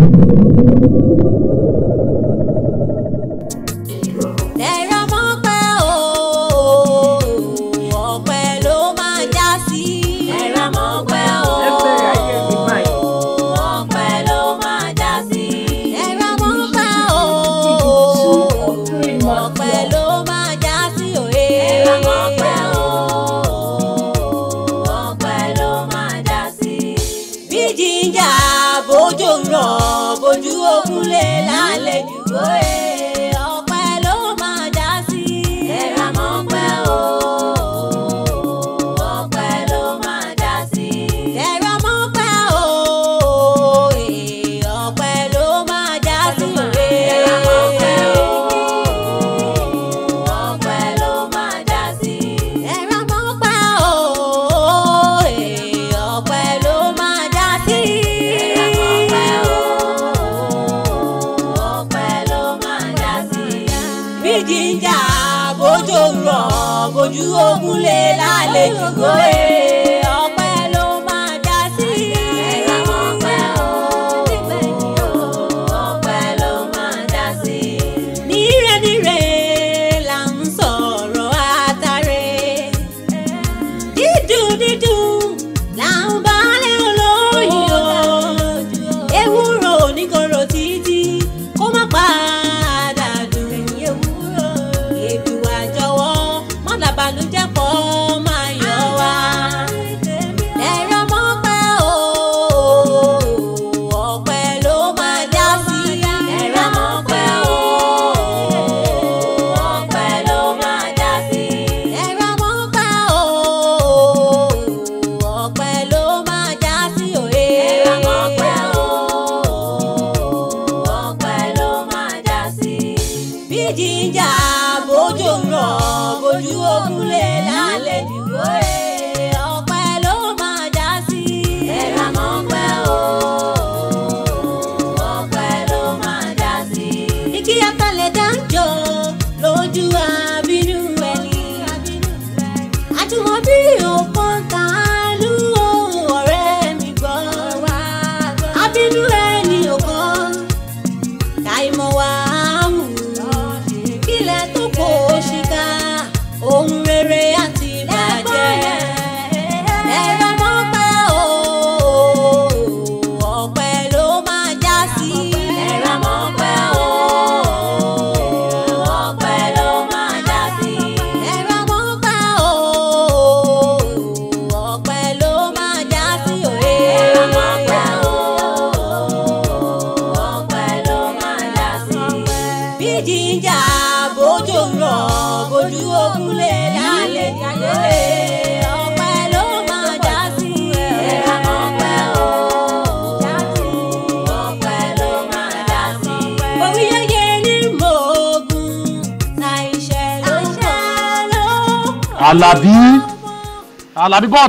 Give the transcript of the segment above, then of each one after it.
you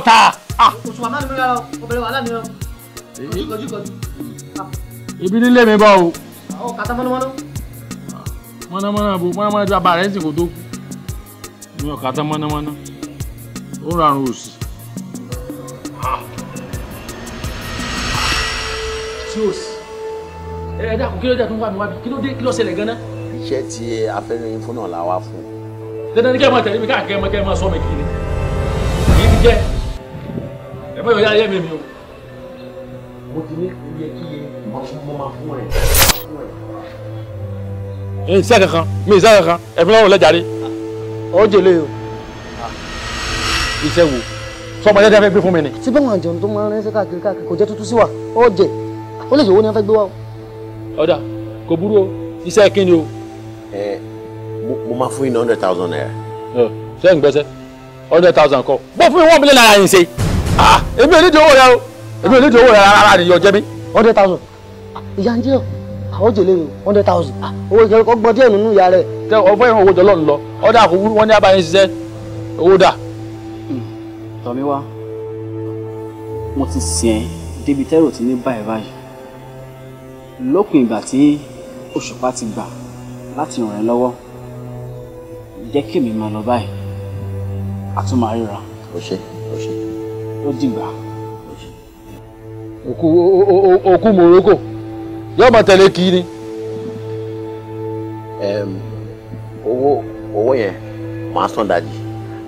ta. òṣùwà má mi mú yàrá ni. wàhálà mi rọ kọjú kọjú. ibi nílé mi bọ̀ o. àwọn kàtà mọ́nàmọ́ná. mọ́nàmọ́ná bo mọ́nàmọ́ná tí a bá mana. ń sìn kó tó kú mi ò kàtà mọ́nàmọ́ná ó rarun òsì. Ah. tí o sì ẹ ẹ dákun kí ló dé tó ń wá mi wá bí kí ló dé kí ló ṣẹlẹ̀ gan-an. iṣẹ́ tí afẹ́rẹ́ yín fún náà la wá fún. dandan ni kẹ́ ẹ máa tẹ̀lé mi káàkiri ẹ máa sọ mi kiri ẹgbẹ́ ìyá ayé mi mi o. mo ti ní iye kíye mo máa fún ẹ. ẹ ṣe kankan mi ṣe kankan ẹ fi lọ́wọ́ lẹ́jàre. ọ jèlé o. iṣẹ́ wo sọmọ jẹ́jẹ́ fẹ́ gbé fún mi ni. síbẹ̀ wọn àjẹun tó máa ń rẹ́sẹ̀ káàkiri káàkiri kò jẹ́ tuntun sí wa ó jẹ ó lè jẹ́ owó ni wọ́n fẹ́ gbé wa o. ọ̀dà kò burú o iṣẹ́ kí ni o. ẹ mo máa fún yín ní hundred thousand naira. ṣé ń gbẹ́sẹ̀ hundred thousand kọ́ bó fún mi one million naira yìí ṣe. Ah, èmi ò ní di owó rẹ o èmi ò ní di owó rẹ rárá ni yóò jẹ mí. hundred thousand ìyá ń jẹ́ o àwọn jèlé o hundred thousand ah, owó ìkẹrẹ kọ́ gbọ́ díẹ̀ nínú ìyá rẹ̀. tẹ ọgbọ́n ìhàn owó jọ lọ́nù lọ ọ̀dà àkókò wọn ní abáyé ṣiṣẹ́ owó dà. tọ́míwá mo ti sìn ẹ́ débi tẹ́rù ti ní báyìí báyìí lópin ìgbà tí òṣùpá ti gbà láti ràn ẹ́ lọ́wọ́ jẹ́ kí èmi máa lọ báyìí a tún máa ríra. ó ṣe ó ó dìgbà. òkú òkú morocco yóò máa tẹ̀lé kí ni. owó owó yẹn màá sàn dájì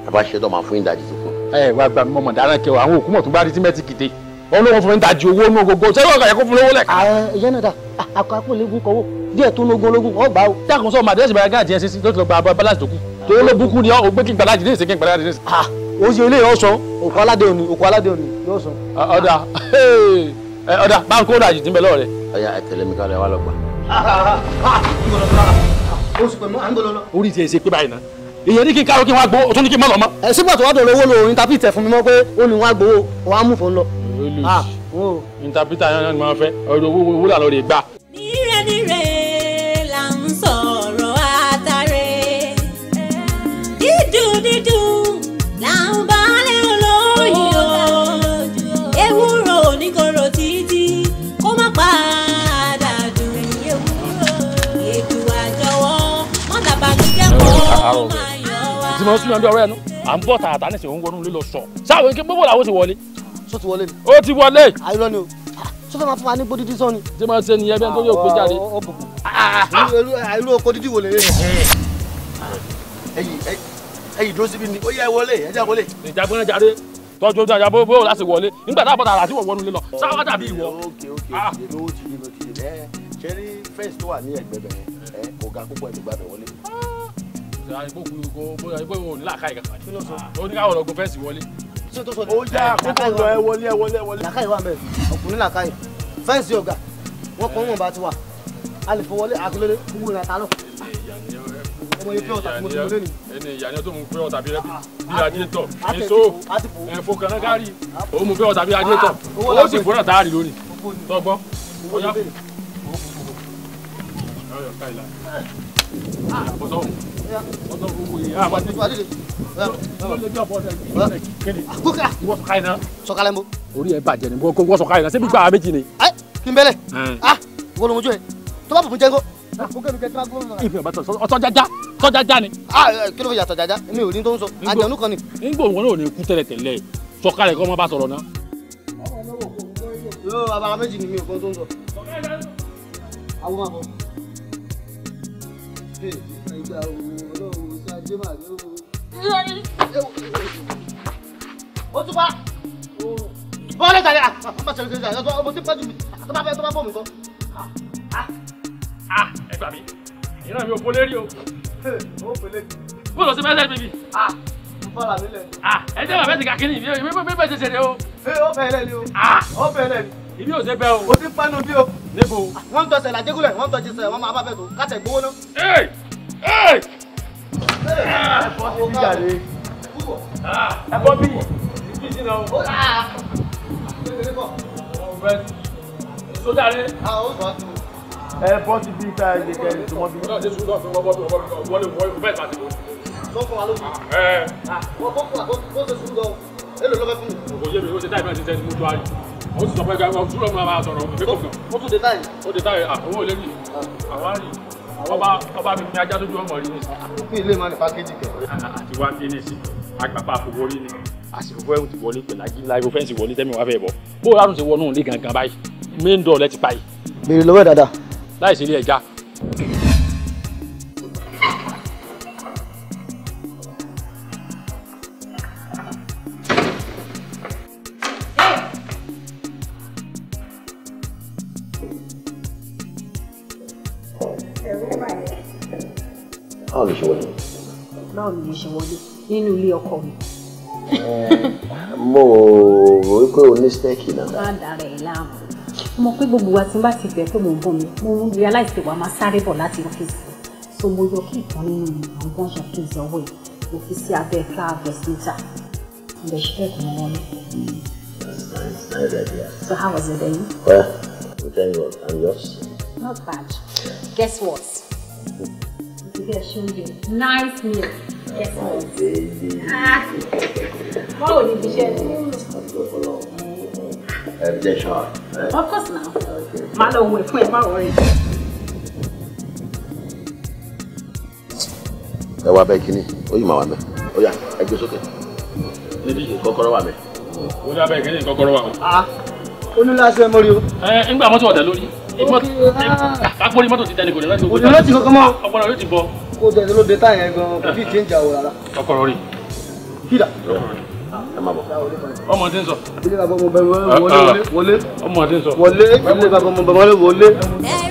tàbá ṣe tó máa fún yín dájì tó kù. ẹ wá gba mímọ mọ̀dáná kẹwàá àwọn òkú mọ̀ tó bá rí tí mẹ́tì kìdé wọn ló wọn fún mi dájì owó inú gbogbo ṣé wọn kà yẹ kó fún lówó lẹ. Ah, ìyá náà dà àkàkọ́ ah, lẹ́gùn kọ́wọ́ díẹ̀ tó lógún ológun ọ̀ gbà ó. dákun sọ màdẹ́sì bàgá àti ẹ̀sìn tó ti lọ gba balance tó kù tó ló bukú ni ó gbé kí gbàlájì ní ìsìnkí gbàlájì ní ìsìnkí. Ah, o ṣe ilé yóò sọ òkú aládé òní òkú aládé òní yóò sọ. ọ̀dà ọ̀dà báńkì ó dàjì níbẹ̀ lọ́ọ̀rẹ́. ọ̀yà ẹ tẹ̀lé mi ká lè wá lọ gbà. orí ti ẹ̀ ṣe pé báyìí náà èyàn ní kí n káró kí n wá gbowó o tún ní kí n mọ̀ lọ mọ́. ẹ sígbà tó wá dọ̀rọ̀ owó lo ìntàpìtẹ̀ fún mi mọ́ pé ó ní wá gbowó wàá mú fún lọ. ìntàpìtẹ̀ ah, yẹn ni mo fẹ́ ọ̀rọ̀ owó wúlà lọ rè gbà. nírẹ̀ nírẹ̀ àárọ̀ rẹ̀ tí mo tún yanjú ọ̀rọ̀ ẹ̀ nu à ń bọ̀ tààtà ní ìṣèwọ̀n wọnú lílọ sọ sáwọn ike gbogbo làwọn ti wọlé. sọ ti wọlé ni. ó ti wọlé. àìrọ ni o sọ fẹ́ máa fún wa ní gbódídí sọ ni. tí máa ṣe nìyẹn bẹ́ẹ̀ tó yóò jáde. irú oko dídí wò lè rè ẹyìn dúró síbi ni ó yẹ wọlé ẹ wọlé. ìjàgbọ́n jáde tọ́jú ojú àjàbó bó láti wọlé nígbà tá a bọ̀ tààtà tí wọ́n wọnú fẹ́ǹsì ọ̀gá wọn kọ́ wọn bá ti wà a lè fọwọ́lé àtúlélé gbogbo ìrìn àtàlọ́ ọmọ ilé fẹ́ ọ̀tà tí mo ti mọ lónìí. ẹni ìyá ni ó tó mú fẹ́ ọ̀tà bí rẹ́bí ah, bí adétọ̀ ah, ah, èso ẹ̀fọ́ kanagari ó mú fẹ́ ọ̀tà bí adétọ̀ ó sì fọ́nà tá a rí lónìí tọ́gbọ́n ó yá sọ̀kalẹ̀ mo. orí ẹ bàjẹ́ ni wọ́n sọ̀kalẹ̀ náà sẹ́bi gba méjì ni. ẹ kí n bẹ́lẹ̀ wọ́n lọ mojú ẹ tó bá bùkún jẹ́ kó. ìfẹ́ bàtọ̀ ọ̀tọ̀jájá tọ́jájá ni. kí ló fi yàtọ̀ jájá mi ò ní tó ń sọ àjẹnú kan ni. nígbà òun náà ò ní kú tẹ́lẹ̀ tẹ́lẹ̀ sọ̀kalẹ̀ kọ́ ọmọ bá sọ̀rọ̀ náà. yóò bàbá méjì ni mi ò kó tó ń ìgbà ẹ jẹ́ bàbá ẹ̀sìn kàkínní mi ò mi bẹ́ẹ̀ ṣe ṣe ó bẹ̀rẹ̀ ni o. ó bẹ̀rẹ̀ ni ibi ò ṣe bẹ́ o. o ti panu bí o. níbo. wọ́n ń tọ́sẹ̀ làjẹ́gúnlẹ̀ wọ́n ń tọ́jú sẹ̀ wọ́n máa bá bẹ̀ tó kátẹ̀ gbowó ná. ẹ ẹ. ẹ bọ́ sí bíjà re. ibi ìsìn náà. ó rà á. ọ̀rẹ́ sójà re. a ẹ bọ́ sí bí ta ẹ̀jẹ̀ kẹrin tó mọ́ bí. ọ̀rẹ́ sùn náà fi wọ́n bọ́ bí wọ́n lè wọ́n fẹ́ẹ̀ pàṣẹ wọ́n. bọ́kùn alóbi. ẹ. bọ́kùn àkókò bó ṣe sùn lọ. èlò ló fẹ́ fún mi. òkò yé mi ó ṣe táì mo ti sọ pé gàgbà ojú rẹ̀ mo máa sọ̀rọ̀ òun pé tún dé táyì. ó dé táyì owó ilé àwọn àrí ọba ọba mi ní ajá lójú ọmọ rí ní. àkókò ilé máa ní pákéjì kẹ. àti wá dé ní sí agbapá àfọwọ́ rí ni. àsìkò ẹ̀rù ti wọlé pẹ̀lájí láìpẹ́ fẹ́ǹsì wọlé tẹ́mi wá fẹ́ bọ̀ bó o ti wọnú ilé gangan báyìí main door lẹ ti pa yìí. bèrè lọ́wọ́ dáadáa. láì ilé ẹja. báwo ni mo ṣe wọlé nínú ilé ọkọ mi. mo rò wípé o ní stẹ́ẹ̀kì náà. bá a dára ẹ̀ láàmú mo pé gbogbo wa tí n bá ti bẹ̀ pé mo ń bọ̀ mi mo ń realize pé wàá máa sáré bọ̀ láti ọ́fíìsì so mo yọ kí ìkan nínú mi àwọn bunch of kids ọwọ́ yìí mo fi sí abẹ́ flower vest ilẹ̀ ṣílẹ̀ So how was it then? Well, I'll tell you I'm yours. Not bad. Guess what? Hmm to get shown you. Nice meal. Yes, please. Ah. Báwo ni ibi iṣẹ́ rẹ̀? Ẹ jẹ́ ṣọ́. Of course now. Màá lọ wẹ̀ fún ẹ má wọrí. Ẹ wá bẹ́ẹ̀ kínní, ó yìí máa wà mẹ́. Ó yá, ẹ gbé sókè. Níbi ìkọ́kọ́rọ́ wà mẹ́. Ó yá bẹ́ẹ̀ kínní ìkọ́kọ́rọ́ wà mẹ́. Olúlá ṣe mọ́rí o. Ẹ ń gbà mọ́tò ọ̀dà lórí àpapọ̀lì mọ́tò ti dání kò ní láti gbogbo táyà. kò ní láti kankan mọ́. ọpọlọ yóò ti bọ. kó dẹ̀ ló dé táyà gan-an kò fi ìdí ìjà wò rárá. ọkọ̀rọ̀ rí. kídà. ẹ má bọ̀. ọmọ tí ń sọ. ilé bàbá ọmọ bẹ̀rẹ̀ ah, ah. wọlé wọlé. ọmọ tí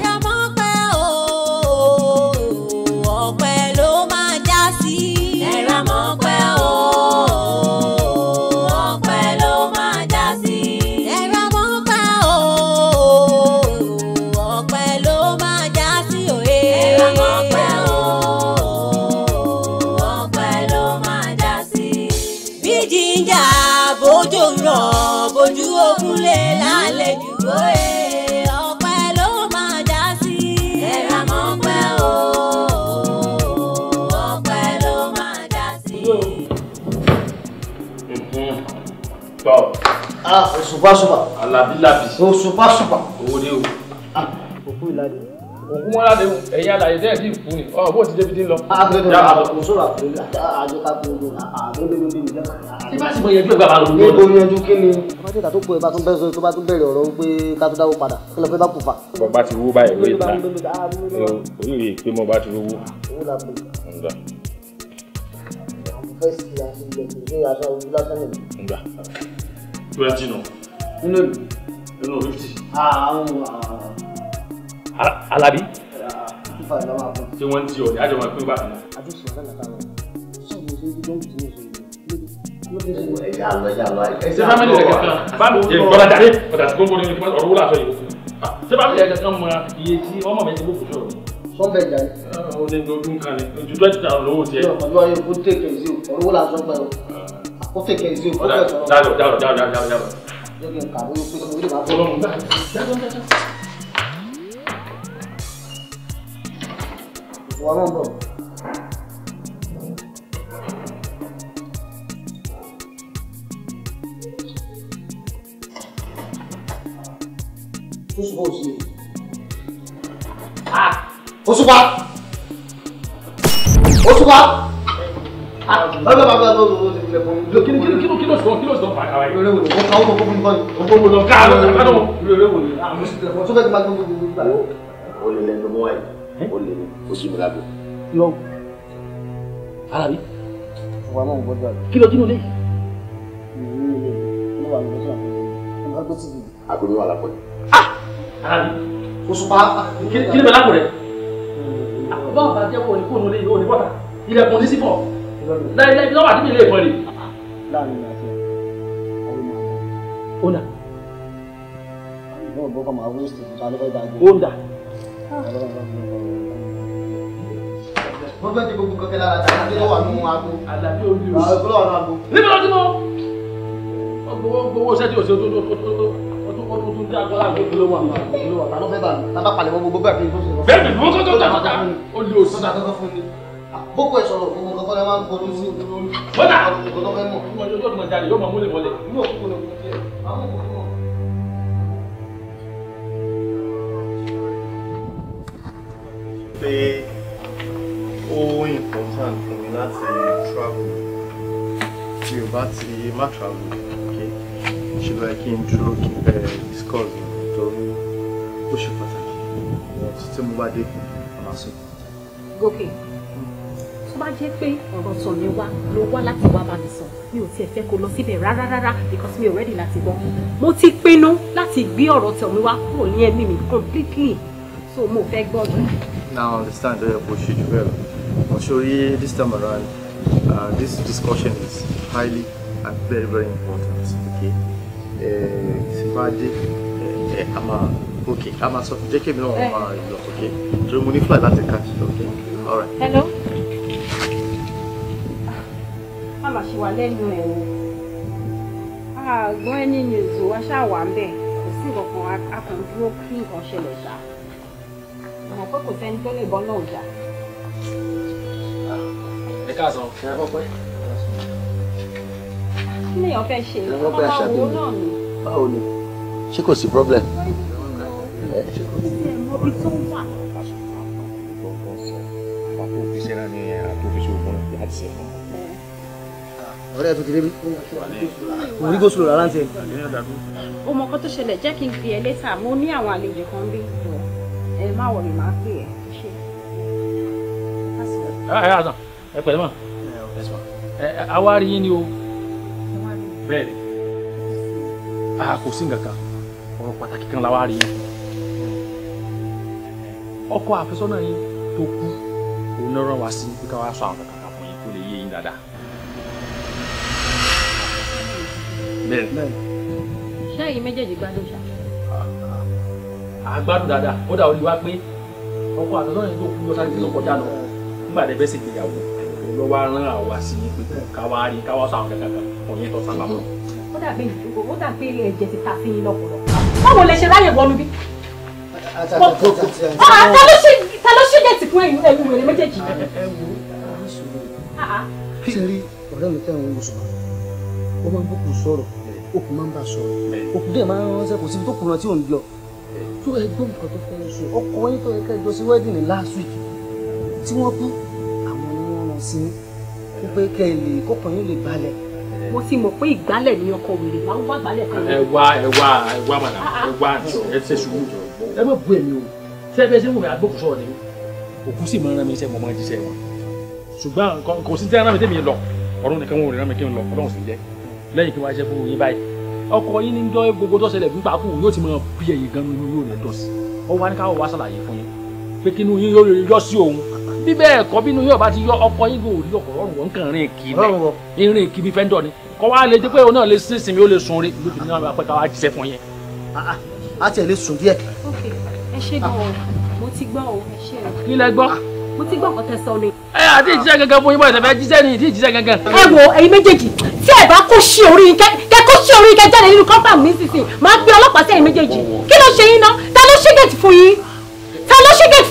Ah, òṣùpáṣùpá. alábílábí. òṣùpáṣùpá. owó dé o. Ah, òkú ìlàdé. òkú wọn láde ẹ̀yin àlàyé tẹ́ ẹ̀ sì fún ni ọ̀ bó ti débi dín lọ. àgbẹ̀dọ̀ ah, kò sọ̀rọ̀ àjọ ká tó lò àgbẹ̀dọ̀ bí nìyẹn. tí bá sì mọ yẹjú ẹgbẹ́ àbálò lórí. ó yẹjú kí ni. ọmọdé ìta tó pé bá tún bẹ̀rẹ̀ tó bá tún bẹ̀rẹ̀ ọ̀rọ̀ pé ká tó dáwó padà kí lọ fẹ́ bá kù fà. bàbá ti wó báyìí lóye ìta oríire pé mo bá ti wó. owó la pè é. fẹ́ẹ́ sì àti ìgbẹ̀kùn ní aṣọ ojú Ah ah da bẹ́ẹ̀ jìnnà. nínú ìlú. nínú fifty. àwọn Alábí. ṣé wọ́n ń di ọ̀dẹ́ àjọ máa pín bákan náà. àjọṣe ọ̀gá nàkà wọn ṣọ́ọ̀bù ṣe ibi tó ń bì ní ìṣòro ẹ̀yà lọ ẹ̀yà lọ ẹ̀yà lọ. ṣé bámi lè kẹ̀kẹ́ kan bámi ó lọ bọ́lá dàdé bàtà sí gbogbo nínú ọ̀rọ̀ wúlò àṣọ yìí. Ah, ṣé bámi lè kẹ̀kẹ́ kan mọ iye tí ọmọ mi ti bó kù sọ̀rọ̀. sọ́ọ̀bù ẹ̀jẹ̀ ni. ọ̀rọ̀ ní ọdún kan ni ojú tó ti ta ọ̀rọ̀ owó tiẹ̀. ọ̀rọ̀ ayé kó tètè sí ọ̀rọ̀ wúlò àṣọ pẹ̀lú ó fẹ́ kẹ́ ìṣe ìfọ́fẹ́ sọ̀rọ̀. dáàbò dáàbò dáàbò dáàbò dáàbò. jẹ́ kí n kà lóyún pé sọ̀rọ̀ ìdìbò àbọ̀ lọ́mú. ìwọ náà bọ̀. Oṣù bọ̀ sí i. Oṣù pa! Oṣù pa! bàbá bàbá ló ló ti filẹ̀ fún mi. kí ló kí ló kí ló sọ kí ló sọ fà kàwé. ìrẹ̀lẹ̀ ni wọ́n sọ àwọn ọkọ̀ fún mi lọ. káàlọ́ káàlọ́ ìrẹ̀lẹ̀ wò ni. àmì sí tẹlifọ̀n sọ́kẹ́ ti máa gbogbo gbogbo gbà. o lè lẹnu mọ́ ẹ̀ o lè o sì mi lágbo. lọ ara mi. wà á mọ̀ nǹkan tó a lọ. ilẹ̀kùn ní sípò lẹ́yìn lọ́wọ́ àti mi lè mọ̀ ni. ọ̀nà. ọ̀nà. mo fẹ́ ti gbogbo kẹ̀kẹ́ lára tí adé lọ́wọ́ àánú aago. àlàbí olú. àlàbí olú àánú aago. níbi lọ́dún mọ́. gbogbo gbogbo sẹ́tì òsè tó tó tó tó tó ọdún tí a kọ́ láàrin ìlú wa ìlú wa ta ló fẹ́ bá mi. tábà palẹ̀ mọ́ gbogbo bẹ́ẹ̀ fi ń tó ṣe. bẹ́ẹ̀ ni mo kọ́ tó tà tó tà ó lè òsì. tó tà tó tà fún mi bókò ìṣòro fún ọkọ̀ kọ́lá máa ń gbọ́dọ̀ sí lórí bọ́dà ọ̀dọ́ fẹ́ mọ̀. ọmọ ìjọ ọdún ọjà rẹ yóò máa múlẹ̀ mọ́lẹ̀. inú òkú lè mú sí ẹ̀ máa ó important fún mi láti travel tí o bá ti má travel okay ṣùgbọ́n kí n dúró kí n bẹ̀rẹ̀ discuss nítorí ó ṣe pàtàkì tí mo bá dé àmásùn. gòkè. Okay tó bá jẹ́ pé ọ̀rọ̀ sọ mi wá ló wá láti wá bá mi sọ mi ò tiẹ̀ fẹ́ kó lọ síbẹ̀ rárá rárá because mi ò rẹ́dì láti gbọ́ mo ti pinnu láti gbé ọ̀rọ̀ tọ̀ mi wá kúrò ní ẹ̀mí mi completely so mo fẹ́ gbọ́ ọ̀dọ̀. now I understand ẹ kò ṣe jù bẹ́ẹ̀ lọ mo this time around uh, this discussion is highly and very very important okay ṣe eh, ẹ eh, eh, a máa okay a máa sọ jẹ́ kí èmi náà máa lọ okay torí mo ní fly láti catch okay all right. hello. má lọ ṣe wà lẹ́nu ẹ̀ o àgbọn ẹni ní èso wa ṣáà wà ń bẹ̀ kò sí nǹkan kan a dúró kí nǹkan ṣẹlẹ̀ ṣá àmọ́ pé kò sẹ́ni tó lè bọ́ náà jà. ẹ káàsán ṣe é pọpẹ. kí lèèyàn fẹ́ ṣe ọmọ máa náà ni. báwo ni ṣé kò sí problem. ṣé tó ń wà àtòfiṣẹ́ náà ni àtòfiṣẹ́ ogun láti ṣe fún un ọ̀rẹ́ tó ti débi kò rí gòsùlò rárá ń o mọ kó tó ṣẹlẹ̀ jẹ́ kí n fi ẹ létà mo ní àwọn àlejò kan bí ẹ má wọ̀ ni màá pè ẹ́ ṣe. ẹ ah, ẹ àtàn ẹ pẹ̀lẹ́ mọ̀ ẹ àwa rí yín ni o bẹ́ẹ̀ ni a ah, kò sí nǹkan kan ọ̀rọ̀ pàtàkì kan la wá rí yín ọkọ àfẹ́sọ́nà yín tó kú òun náà rán wa sí pé ká sọ àwọn kankan fún yín kó lè yé yín dáadáa. bẹ́ẹ̀ bẹ́ẹ̀. sẹ́yìn méjèèjì gbádùn ṣá. à á gbádùn dáadáa ó dà ó lè wá pé ọkọ àtọ́nà yẹn tó kú lọ sáré tó kọjá lọ nígbà tẹ bẹ́ẹ̀ sì gbéyàwó ló wá rán àwa sí i pé káwa rí káwa sọ àwọn kankan ọ̀yẹ́ tó sábà mọ́. ó dàbí ó dàbí ilé ẹ̀jẹ̀ ti ta sí i lọ́pọ̀lọ́ báwo lẹ ṣe ráyè wọnú bí. ta ló ṣe ọ̀rẹ́ mi tẹ́ ń wọ́n sọ̀rọ̀ ó máa ń bókun sọ̀rọ̀ òkú máa ń bá sọ̀rọ̀ òkú dẹ̀ máa ń ránṣẹ́ kò síbi tó kùnà tí ò ń lọ tó ẹgbọ́n nǹkan tó fẹ́ sọ ọkọ yín tó yẹ ká jọ sí wedding last week tí wọ́n kú àwọn ni wọ́n rán sí ní pé kẹ́ ẹ lè kọ́kàn yín lè balẹ̀. mo ti mọ̀ pé ìgbálẹ̀ ni ọkọ wèrè máa ń wá gbálẹ̀ fún mi. ẹ wá ẹ wá ẹ wá màdà ah, ah. ẹ wá ẹ ṣe sùúrù ẹ má bu èmi o ṣé ẹ fẹ́ ṣe wùmí agbókùn sọ̀rọ̀ ni òkú sì máa ń rán mi iṣẹ́ mo máa ń jíṣẹ́ wọn ṣùgbọ́n kò sí tí wọ́n rán mi tẹ́mi lọ ọ̀run nìkan wọn ò rán mi kí n lọ ọlọ́run sì jẹ́ lẹ́yìn kí wọ́n ṣe fún yín báyìí ọkọ yín ní jọ gbogbo tó ṣẹlẹ̀ nígbà kú yóò ti mọ bí ẹ̀yìn gan nínú yóò rẹ̀ dọ̀sí ó wá ní káwọ́ wá ṣàlàyé fún yín pé kí inú yín yóò yọ sí òun bí bẹ́ẹ̀ kọ́ bí inú yóò bá ti yọ ọkọ yín kò rí ọkọ̀ rọrùn wọn kàn rìn kì í rìn kì í fẹ́ńdọ̀ ni kọ́ wá lè dé pé òun náà lè sín sinmi ó lè sun re ló ní àwọn apẹ́ka wá jíṣẹ́ fún yín. a ah, ah, tiẹ̀ lè sùn díẹ̀. ok ẹ ṣe gbọ́ ọ mo ti gbọ́ ọ ẹ ṣe mo ti gbọ́ nǹkan tẹ sọ ni. ẹ àti ìjíṣẹ́ gangan fún yín bọ́ ìtẹ̀fẹ́ jíṣẹ́ ni ìdí ìjíṣẹ́ gangan. ẹ wo ẹ̀yin méjèèjì tí ẹ bá kó sí orí kẹ kẹ kó sí orí kẹ jáde nínú compound mi sísìn máa gbé ọlọ́pàá sẹ́yìn méjèèjì kí ló ṣe yín ná ta ló ṣí gate fún yín ta ló ṣí gate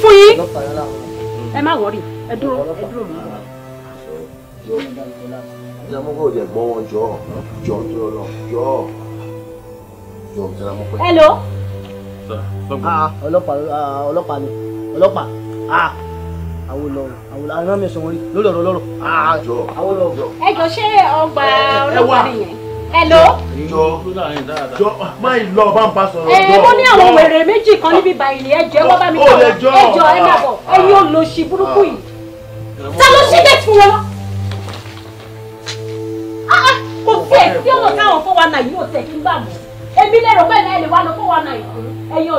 Awólọ́wọ̀ Awólọ́wọ̀ aràn mi ẹ̀sán wọn rí lórí ọ̀rọ̀ lọ́rọ̀. àjọ ah, Awólọ́wọ̀. ẹ jọ ṣé ọgbà ọlọ́pàá nìyẹn. Hello. jọ jọ máa ń lọ bá ń bá sọ̀rọ̀ eh, jọ. ẹ mo ní àwọn wèrè méjì kan níbi bàìlì ẹ jẹ wọn bá mi tọ ẹ jọ ẹ má bọ ah. ẹ yóò lo ṣì burúkú yìí. Ah. ta ló ṣí gẹ̀ẹ́tì fún wọn. kò sí ẹ̀ tí ọ̀nà táwọn fún wa náà yóò tẹ̀ kí n bá mọ̀ èmi lẹ́rọ̀ bẹ́ẹ̀ náà ẹ lè wá lọ fún wa náà ìkú ẹ̀yọ̀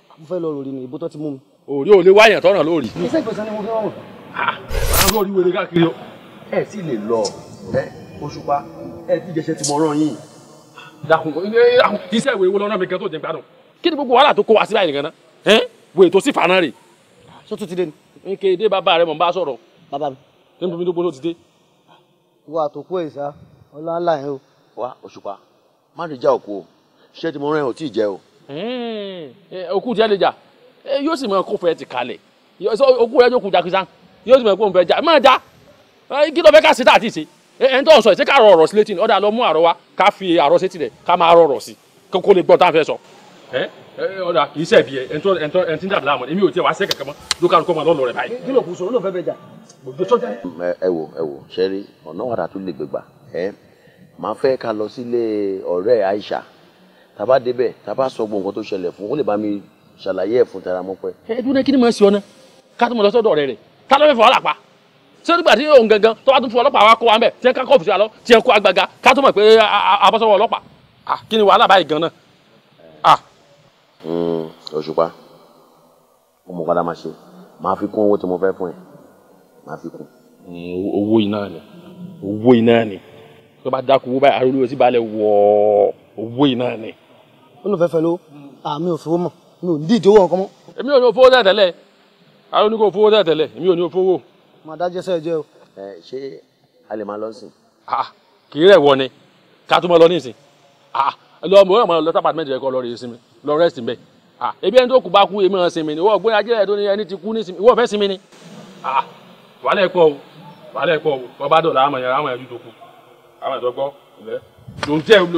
mo fẹ́ lọ lórí ni ìbò tó ti mú mi. òòrí ò lè wáyàn tọ́nà lórí. iṣẹ́ ìgbésẹ̀ ni mo fẹ́ wọ̀. àwọn olórí wèrè káàkiri o. ẹ sì lè lọ ẹ Òṣùpá ẹ ti jẹsẹ ti mọ ọ̀ràn yìí. dákun iṣẹ́ ìwé wo lọ́nà mi kan tó jẹ gbádùn. kí ni gbogbo wàhálà tó kó wa sí báyìí nìkan náà wèé tó sì fàánà rè. sọ́tún ti dé ni. n kéde bàbá rẹ mọ̀ n bá sọ̀rọ̀. bàbá mi. nínú mi tó gbóná ti dé. wà á tó kú okú tiẹ̀ lè jà yóò sì mọ kó fẹ́ ti kalẹ̀ okú rẹ̀ yóò kú jakisa yóò sì mọ kó fẹ́ jà máa já eh, kí ló fẹ́ ká ṣe tá àti ṣe eh, ẹni tó ń sọ ẹ̀ ṣé ká rọ ọ̀rọ̀ sí létí ni ọ̀dà lọ mú àrọ wa ká fi àrọ sétí rẹ̀ ká máa rọ ọ̀rọ̀ sí kó lè gbọ́ tá à ń fẹ́ sọ. Eh? ọ̀dà kì í ṣe ẹ̀bi ẹ̀ ẹ̀ tí ń dàbí láàmú èmi ò tiẹ̀ wá ṣe kẹ̀kẹ́ mọ́ lókàlù kọ́ máa lọ́ọ́ lọ rẹ̀ báyìí. kí ló kù sọ̀rọ̀ ló fẹ́ bẹ jà. ẹ wo ẹ wo ṣẹ́rí ọ̀nà wàrà tún lè gbégbà Aisha tàbá débẹ̀ tàbá sọ gbogbo nǹkan tó ṣẹlẹ̀ fún o lè bá mi ṣàlàyé ẹ̀ fún tara mọ́pẹ́. ẹ dúró kí ni màá ṣe ọ náà ká tó mọ lọ́sọ̀dọ̀ rẹ̀ rẹ̀ ká ló fẹ́ fọ ọlọ́pàá ṣé nígbà tí òun gangan tó bá tún fi ọlọ́pàá wa kó wa ń bẹ̀ tí ẹ ká kọ́ òfìsí alọ́ tí ẹ kó agbága ká tó mọ̀ pé abọ́sọ̀rọ̀ ọlọ́pàá à kí ni wàhálà báyìí gan-an à. Hmm, òṣùpá mo mọ̀ padà máa ṣe máa fi kún owó tí mo fẹ́ fún ẹ máa fi kún. owó iná ni owó iná ni tó bá dákú owó báyìí arúgbó sí balẹ̀ wọ̀ọ́ owó iná ni ó lóun fẹ́ẹ́ fẹ́ lówó àmì ò mọ̀ mi ò ní ìdíwọ́ nǹkan mọ́. èmi ò ní o fowó náà oníkó fowó náà èmi ò ní o màá dájẹ́ sẹ́ẹ̀ jẹ́ o. ẹ ṣé a lè máa lọ sí. kì í rẹ̀ wọ ni ká tó máa lọ ní lọ mọ ọmọ lọ sápàtì mẹjọ ẹkọ lọ rèé sinmi lọ rẹ sinmi ah ebi ẹni tó kù bá kú èmi hàn sinmi ni ìwọ gbé ajé ẹ tó ní ẹni ti kú ní ìwọ fẹ́ sinmi ni ah wàhálà o wàhálà ẹkọ o bọba dọlà àmọ yẹn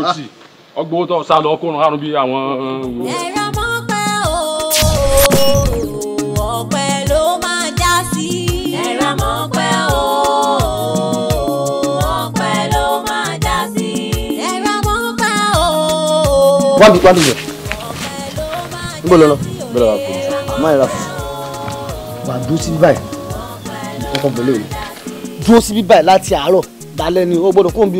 ọgbọ́n tó sá lọ kórun àrùn bí àwọn. Uh, ẹ̀rọ pẹ́ o ọ̀pẹ ló máa já sí. ẹ̀rọ pẹ́ o ọ̀pẹ ló máa já sí. ẹ̀rọ pẹ́ o. wá bí wá bí bẹ̀ níbo lọ wà fún mi má yẹra fún mi wà dúró síbí báyìí nǹkan bẹ̀rẹ̀ o dúró síbí báyìí láti àárọ̀ dalẹ́ ni o gbọ́dọ̀ kóńbi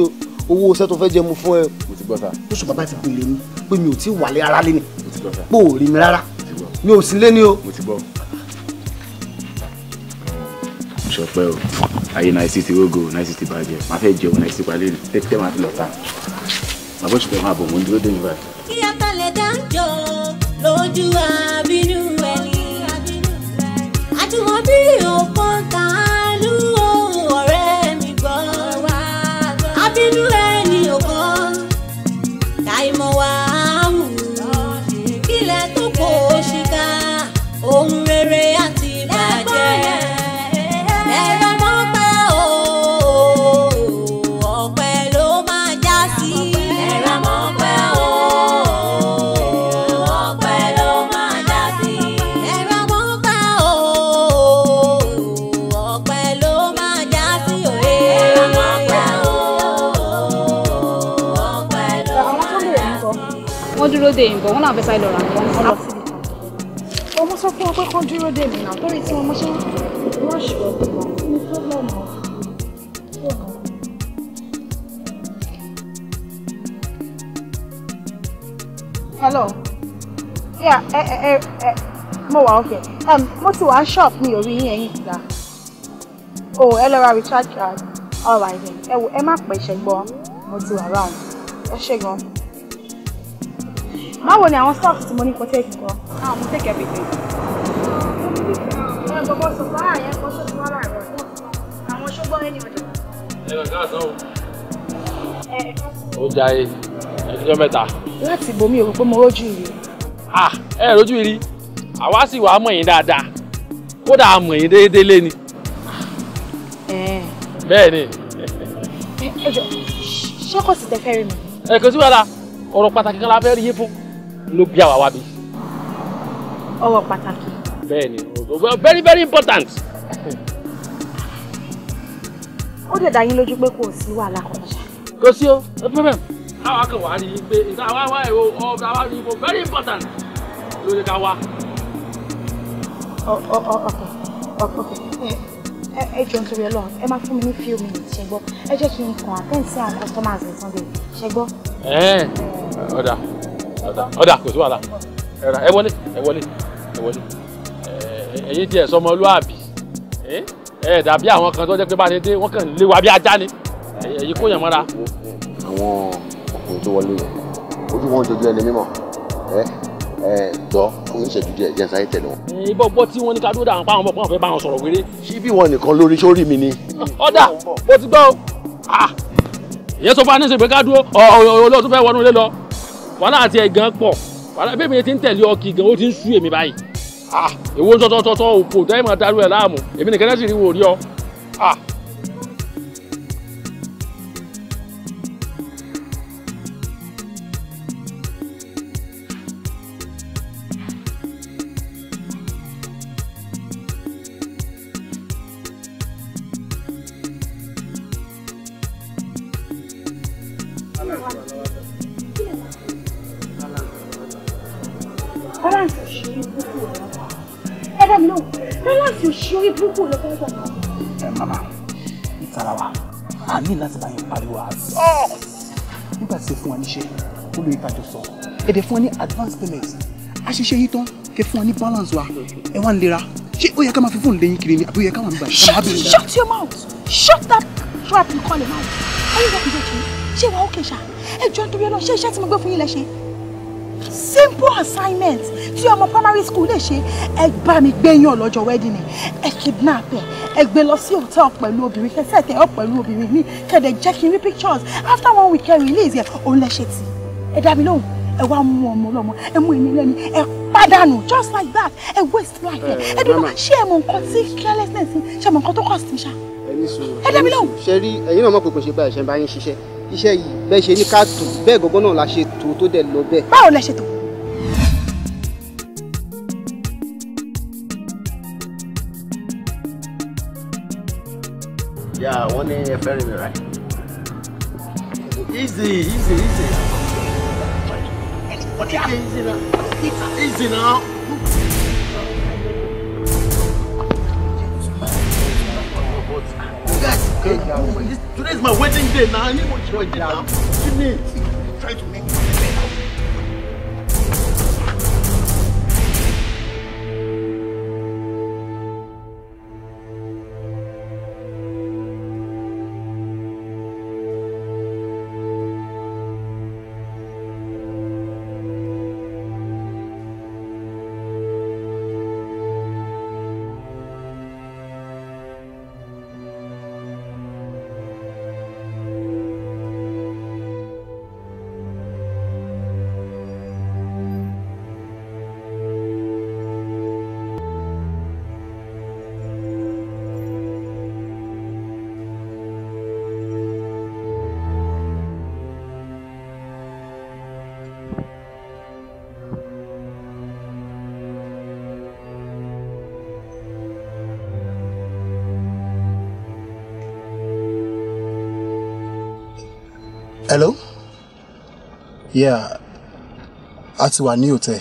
owó iṣẹ́ tó fẹ́ jẹ mu fún ẹ tó ṣùgbọ́n bá ti pè lé mi pé mi ò tí ì wà lé ara lé mi pò ò rí mi rárá mi ò sí lé ní o. mo ti gbọ́ ṣọpẹ́ o ayé náà sì ti rógò náà sì ti bàjẹ́ máa fẹ́ jẹun náà sì ti palẹ́ tẹ́tẹ́ máa fi lọ ta bàbá òṣùpẹ́ máa bọ̀ mọ́ dúró dé mi báyìí. kí akalẹ̀ dáńjọ́ lójú àbínú ẹni àjùmọ̀ bí dé ìbọn wọn làwọn fẹ́ lọ ra nǹkan lọ síbi kan. ọmọ sọ fún wọn pé kán dúró dé mi náà torí tí wọn mọṣẹ rọṣì ọkọ ní pọblọmù hello yeah ẹ ẹ ẹ mo wà okay um, mo ti wà shop mi ò rí yín ẹ̀yin ti o oh, ẹ lọ ra recharge card all right ẹ wò ẹ má pẹ́ ṣẹ́gbọ́n mo ti wà round ẹ ṣé gan-an báwo ni àwọn stocks tí mo ní kò take nǹkan ah, àwọn mo take everything. ẹ gbogbo sọ̀rọ̀ àyẹ̀ kó tó ti wá láàárọ̀ àwọn ṣọ́gbọ́n ẹni ọ̀dọ̀. ẹ lọ káàtó o. ó jayé e. ẹjọ́ mẹ́ta. láti bomi òru pé mo rójú ìrì. Ah, ẹ rójú ìrì àwa sì wàá mọ̀ yín dáadáa kódà a mọ̀ yín déédéé lé ni. bẹ́ẹ̀ ni. ẹ jọ ṣé kò sì tẹ fẹ́ rí mi. ẹ kò sí wàhálà ọ̀rọ̀ pàtàkì kan la fẹ́ rí yín fún ló bí àwa wá bí. pàtàkì. bẹ́ẹ̀ni very very important. ó dẹ̀ dá yín lójú pé kò sí wàhálà kankan kò sí o no problem. àwa kan wà á rí i pé ìta àwa wá ẹ̀rọ ọ̀gá wa rí i pé very important ló ní ká wá. ọ̀kẹ́ ọ̀kẹ́ ẹ jọ nítorí Ọlọ́run ẹ máa fún mi ní few minutes ṣẹgbọ ẹ jẹ́ kí n kàn àtẹǹsì àwọn customers ẹ Sunday ṣẹgbọ. ẹ ọ̀dà ọ̀dà kò sí wàhálà ẹ wọlé ẹ wọlé ẹ wọlé ẹ̀yin tiẹ̀ sọmọlúàbí ẹ dàbí àwọn kan tó jẹ́ pé bá ti dé wọ́n kàn lé wa bí ajá ni ẹ̀yin kò yàn mọ́ra. àwọn ọkùnrin tó wọlé yẹn ojú wọn jọjú ẹni mímọ́ ẹ ẹ jọ fún ìṣẹ́jú díẹ̀ jẹ́ sáyé tẹ̀lé wọn. ìbọn gbọ́ tí wọ́n ní ká dúró dà wọn pa àwọn ọmọkùnrin fẹ́ bá wọn sọ̀rọ̀ wéré. ṣé bí wọn nìkan lórí sórí mi ni. ọ̀dà mo ti gbọ́ o ah, ìyẹn sọ fún aníṣègbè ká dúró olóòtú fẹ́ wọnú ilé lọ wàhálà àti ẹ̀gàn pọ̀ wàhálà bẹ́ẹ̀ mi ti ń tẹ̀lé ọkì gan ó ti ń sú èmi báyìí ah, èwo tọ́tọ́tọ́tọ́ òpó dáìmọ̀ darú ẹ̀ láàmú èmi nìkan náà sì rí wò rí ọ ah. tàjọ sọ ẹ dẹ̀ fún ọ ní advance payment àṣìṣe yìí tán kẹ fún ọ ní balance wa ẹ wá ń lera ṣé ó yẹ ká máa fi fóònù lẹ́yìn kiri ni àbí ó yẹ ká máa ń gbà ṣe máa bẹ̀rẹ̀. shut your mouth shut that trap you call a mouth ayé ìwà ìjọ kìí ṣé ìwà òkè ṣá ẹ jọ nítorí Ọlọ́run ṣé iṣẹ́ tí mo gbé fún yín lẹ ṣe simple assignment tí ọmọ primary school lè ṣe ẹ bá mi gbé yín ọlọ́jọ́ wedding ẹ kidnap ẹ ẹ gbé lọ sí hotel pẹ̀lú obìnrin kẹsẹ̀ tẹ̀ ọ́ pẹ̀lú obìnrin mi kẹ̀dẹ̀ jẹ́ kí n rí pictures after one week ẹ release ẹ òun lẹ ṣe tì í ẹ dá mi lóhùn ẹ wá mú ọmọ ọlọ́mọ ẹ mú èmi lẹ́ni ẹ pàdánù just like that ẹ waste life ẹ eh, ẹ dúró ṣé ẹ mọ nǹkan tí carelessness ṣe mọ nǹkan tó kọ̀ sí ṣá ẹ dá mi lóhùn. ṣe rí ẹ̀yin náà mọ̀ pé kò ṣe bá ẹ̀ṣẹ̀ bá yín ṣiṣẹ́ iṣẹ́ yìí bẹ́ẹ̀ ṣe ní ká tù bẹ́ẹ̀ gọ́gọ́ náà la ṣe tù tó dẹ̀ lọ bẹ́ẹ̀. báwo lẹ ṣe tò Yeah, one day a ferry, right? Easy, easy, easy it's easy now. It's easy now. Guys, eh, today is my wedding day now. I need more wedding now. What do you need? yeah a ti wà ní hòtẹ́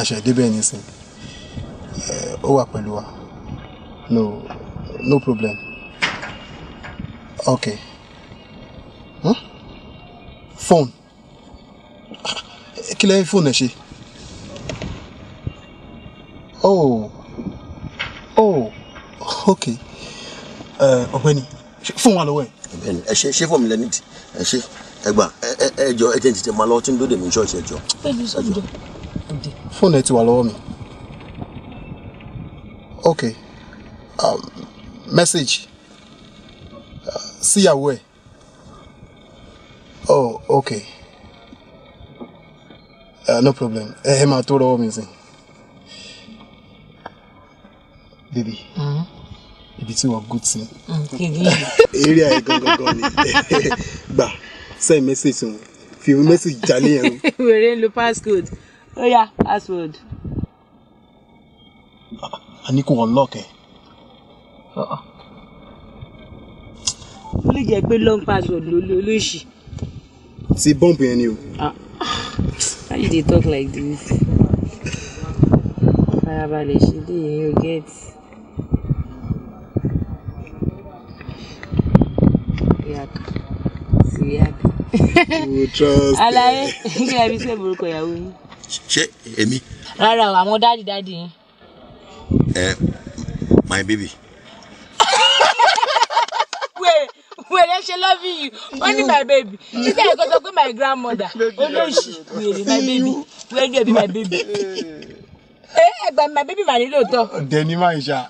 àṣẹ̀débẹ̀ nísìn ó wà pẹ̀lú wa no no problem okay huh? phone kí lẹ́yìn phone ẹ̀ ṣe oh oh okay eh, ọ̀gbẹ́ni fóònù wà lọ́wọ́ ẹ̀. ọ̀gbẹ́ni ẹ ṣe fóònù lẹ́nìtì ẹ ṣe ẹgbà ẹjọ ẹjẹ ń tètè máa lọ tí ń dóde mi ní ṣọ́ọ̀ṣì ẹjọ. fóònù ẹ ti wà lọ́wọ́ mi ok um, message uh, síyàwó ẹ oh ok uh, no problem ẹ ẹ máa tó rọwọ́ mi sìn. baby mm-hmm. ibi tí wọ́n gùn sí. eré mm, àìgangan ni gbà send message sí wọn fi message jalè yẹn. wèrè ń lo passcode ó yá password. a ní kò unlock ẹ. Uh-uh. ó lè jẹ́ pé long password ló lè olóṣì. ti bọ́ǹbù yẹn ni o. Ah. why you dey talk like this? farabalẹ̀ ṣe lè yẹn o get. alaye kí lẹbi sí ìbúrúkọ ìyàwó yín. ṣé èmi. rárá o àwọn dáàdì dáàdì yín. ẹ my baby. wait wèrè ṣe love you ó ní my baby títí ẹ̀kọ́ sọ pé my grandmother olóòṣì wèrè my baby wèrè baby my baby ẹ eh. eh, ẹgbà my baby mà ní lóòótọ́. dẹni máa ń ṣá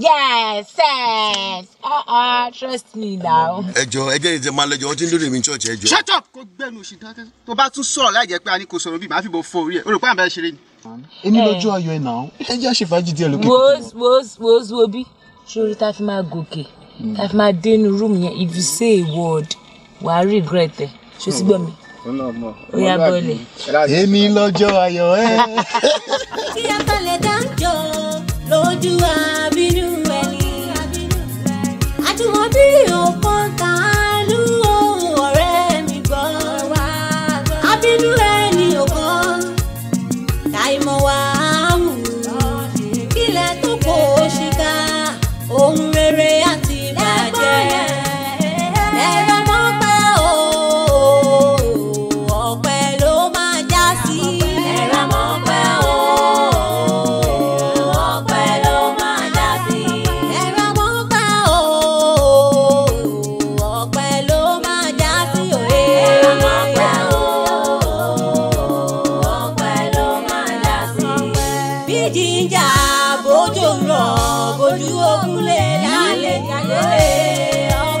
yes yes uh ah trust me now. ẹjọ ẹjẹ ìjẹ máa lẹjọ ọtí ń dúró èmi church ẹjọ. shut up kó gbẹnu òsì dákẹ́ tó bá tún sọ̀rọ̀ láì jẹ́ pé a ní kò sọ̀rọ̀ bí màá fi bọ̀ fọ orí ẹ̀ o rò pé àmì ẹ̀ṣẹ̀ rẹ ni. èmi eh. lójú ayọ̀ ẹ̀ náà ẹ jẹ́ àṣefàájì díẹ̀ lókè. wos wos wo bí sórí tá fi máa gòkè hmm. tá fi máa dé inú rúùmù yẹn if you say a word wàá regret ẹ ṣó ti gbọ́ mi oya bọ́ọ̀lì. èmi lọ́jọ́ ayọ̀ ẹ̀. tí a bá lè dáńjọ́ lójú àbínú ẹni àjùmọ̀ bí òkan níjà bójú ń rọ̀ bójú ogun lè lálẹ́ jàlẹ́.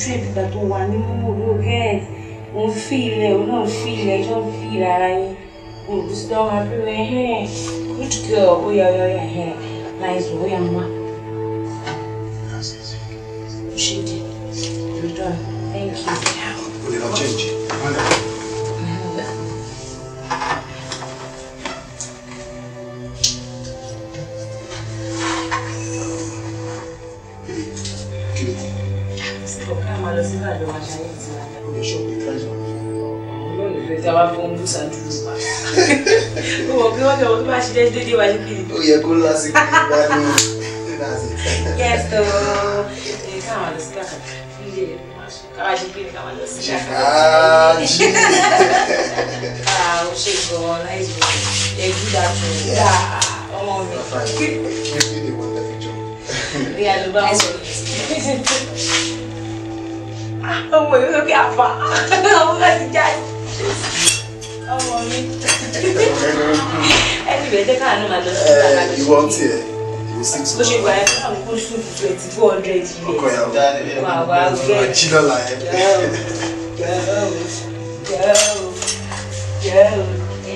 sí ìgbà tó wà ní mímú olóògẹ́ẹ̀t mo ń fi ilẹ̀ òun náà fi ilẹ̀ ẹjọ́ ń fi ilẹ̀ ara yẹn olùkùsí dáwọn abẹ́rẹ́ hẹ́ẹ̀ good girl ó yà ó yà ó yà hẹ́ẹ̀ láìsọ ó yà máa. dídí wa ṣe kiri. ó yẹ kó lásìkò ìgbà ní ìdájọ́. yẹ́tọ̀ ẹ̀ káwọn lọ sí kàkà ilé káwọn ṣe kiri káwọn lọ sí kàkà. ṣèkáàjì. Ah, ó ṣe gan-an láì jù ẹgbú dàtọ̀ dá ọmọ mi. ọmọ mi ẹnìwé jẹ́ káàánú máa lọ sí ìlànà àti ìwọ tí ẹ ìwé six hundred. bó to wà ẹ fún àwọn kó sùn twenty four hundred yìí. ọkọ ìyàwó wà wá gbẹ. àjí lọ́la ẹ. ẹ̀yẹ́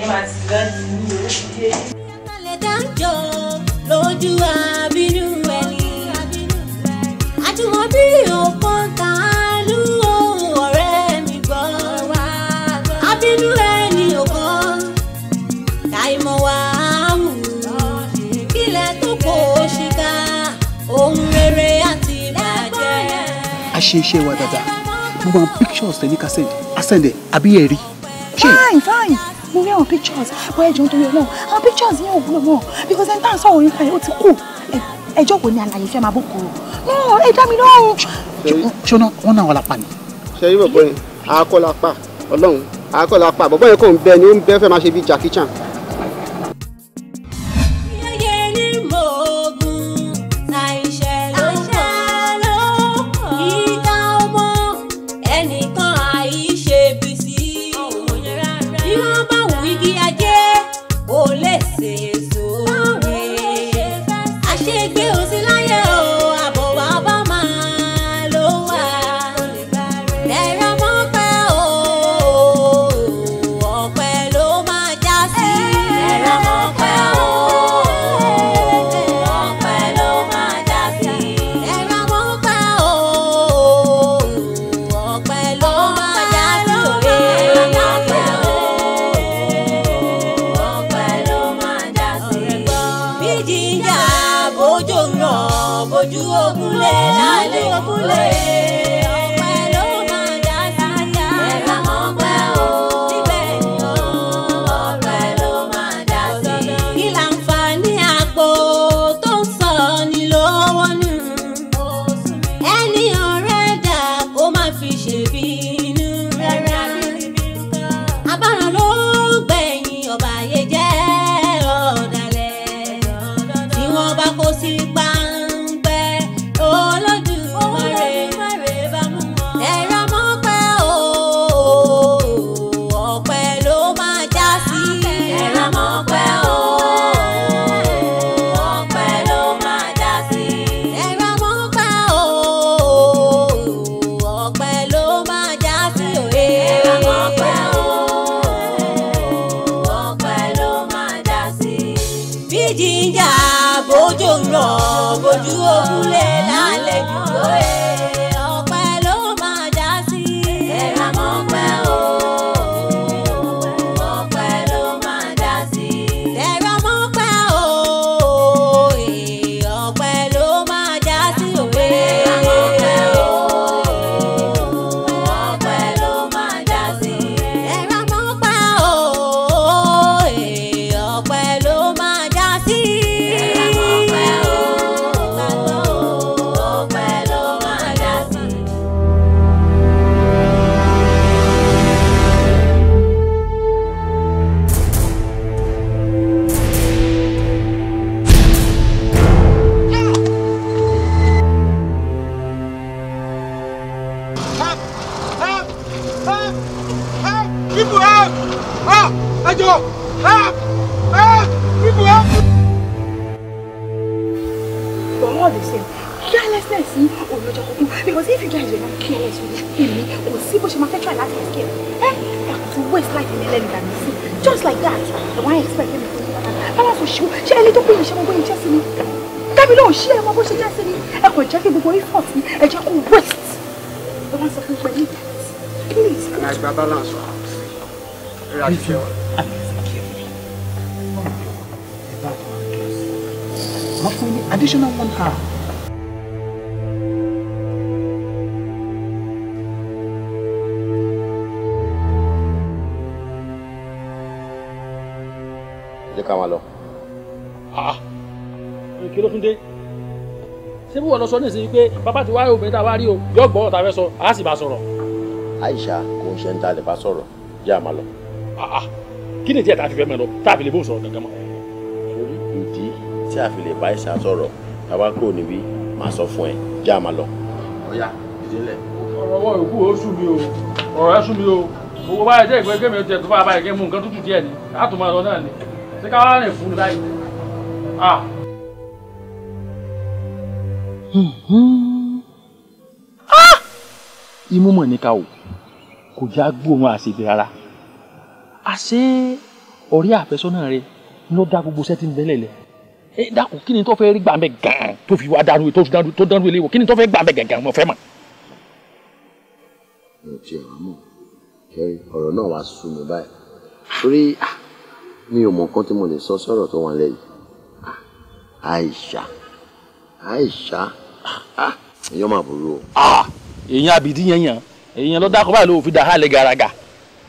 máa ti lọ sí ṣe wa dáadáa gbogbo àwọn pictures tẹ̀ ní ká send asẹ́ndẹ̀ àbí ẹ̀ rí. fine fine mo rí àwọn pictures bọ́ ẹ̀jọ̀ nítorí ọlọ́run àwọn pictures yẹn ò wúlò mọ́ because ẹni tá à ń sọ̀rọ̀ nípa ẹ̀ ó ti kú ẹjọ́ wo ni àlàyé fẹ́ máa bó kúrò náà ẹ dá mi lóhùn. ṣọ́nà wọn náà wà lápá ni. ṣe yí bọ̀bọ̀ yẹn àákọ́ lápá ọlọ́run àákọ́ lápá yẹn kò ń bẹ ni ó ń bẹ fẹ́ máa ṣe bíi Jackie Chan bàbá ti wá obìnrin tá a wá rí o yóò gbọ́ ọ̀tá fẹ́ sọ a sì bá sọ̀rọ̀. Aisha kò ń ṣe ń ta lè bá sọ̀rọ̀ yá a lọ. Ah, ah. kí ni díẹ̀ tá a fi fẹ́ mẹ́ lọ tá a fi lè bó sọ̀rọ̀ gangan mọ́. torí ìdí tí a fi lè bá Aisha sọ̀rọ̀ bàbá kúrò níbí máa sọ fún ẹ yá a máa lọ. ọ̀ya ìdílé. ọ̀rọ̀ wọ o ọ̀rọ̀ ẹ o gbogbo báyìí jẹ́ ìgbẹ́ gẹ́mi ojú ẹ̀ tó bá báyìí gẹ́mi nǹkan tútù díẹ̀ ni á tún máa lọ náà ni ṣé ká wá lè fún mi báyìí. Ah. Hmm, hmm imú mọ̀ níka o kò já gbóhùn àṣebí rárá àṣé ọ̀rẹ́ àfẹ́sọ́nà rẹ ló dá gbogbo sẹ́tì ń bẹ́lẹ̀ lẹ̀ ẹ dákun kí ni tó fẹ́ rí gbàmbẹ́ gan-an tó fi wá dàrú tó dàrú tó dàrú eléwọ̀ kí ni tó fẹ́ gbàmbẹ́ gan-an mo fẹ́ mọ̀. ẹ ti ọ̀rọ̀ mọ̀ kẹrin ọ̀rọ̀ náà wàá sú mi báyìí torí mi ò mọ̀ nǹkan tí mo lè sọ sọ̀rọ̀ tó wọn lẹ́yìn Aisha Aisha èèyàn máa burú o èèyàn àbìdí yẹn yàn èèyàn lọ́dọ̀ àkọ́bá ló fi dà hálẹ̀ gàràgà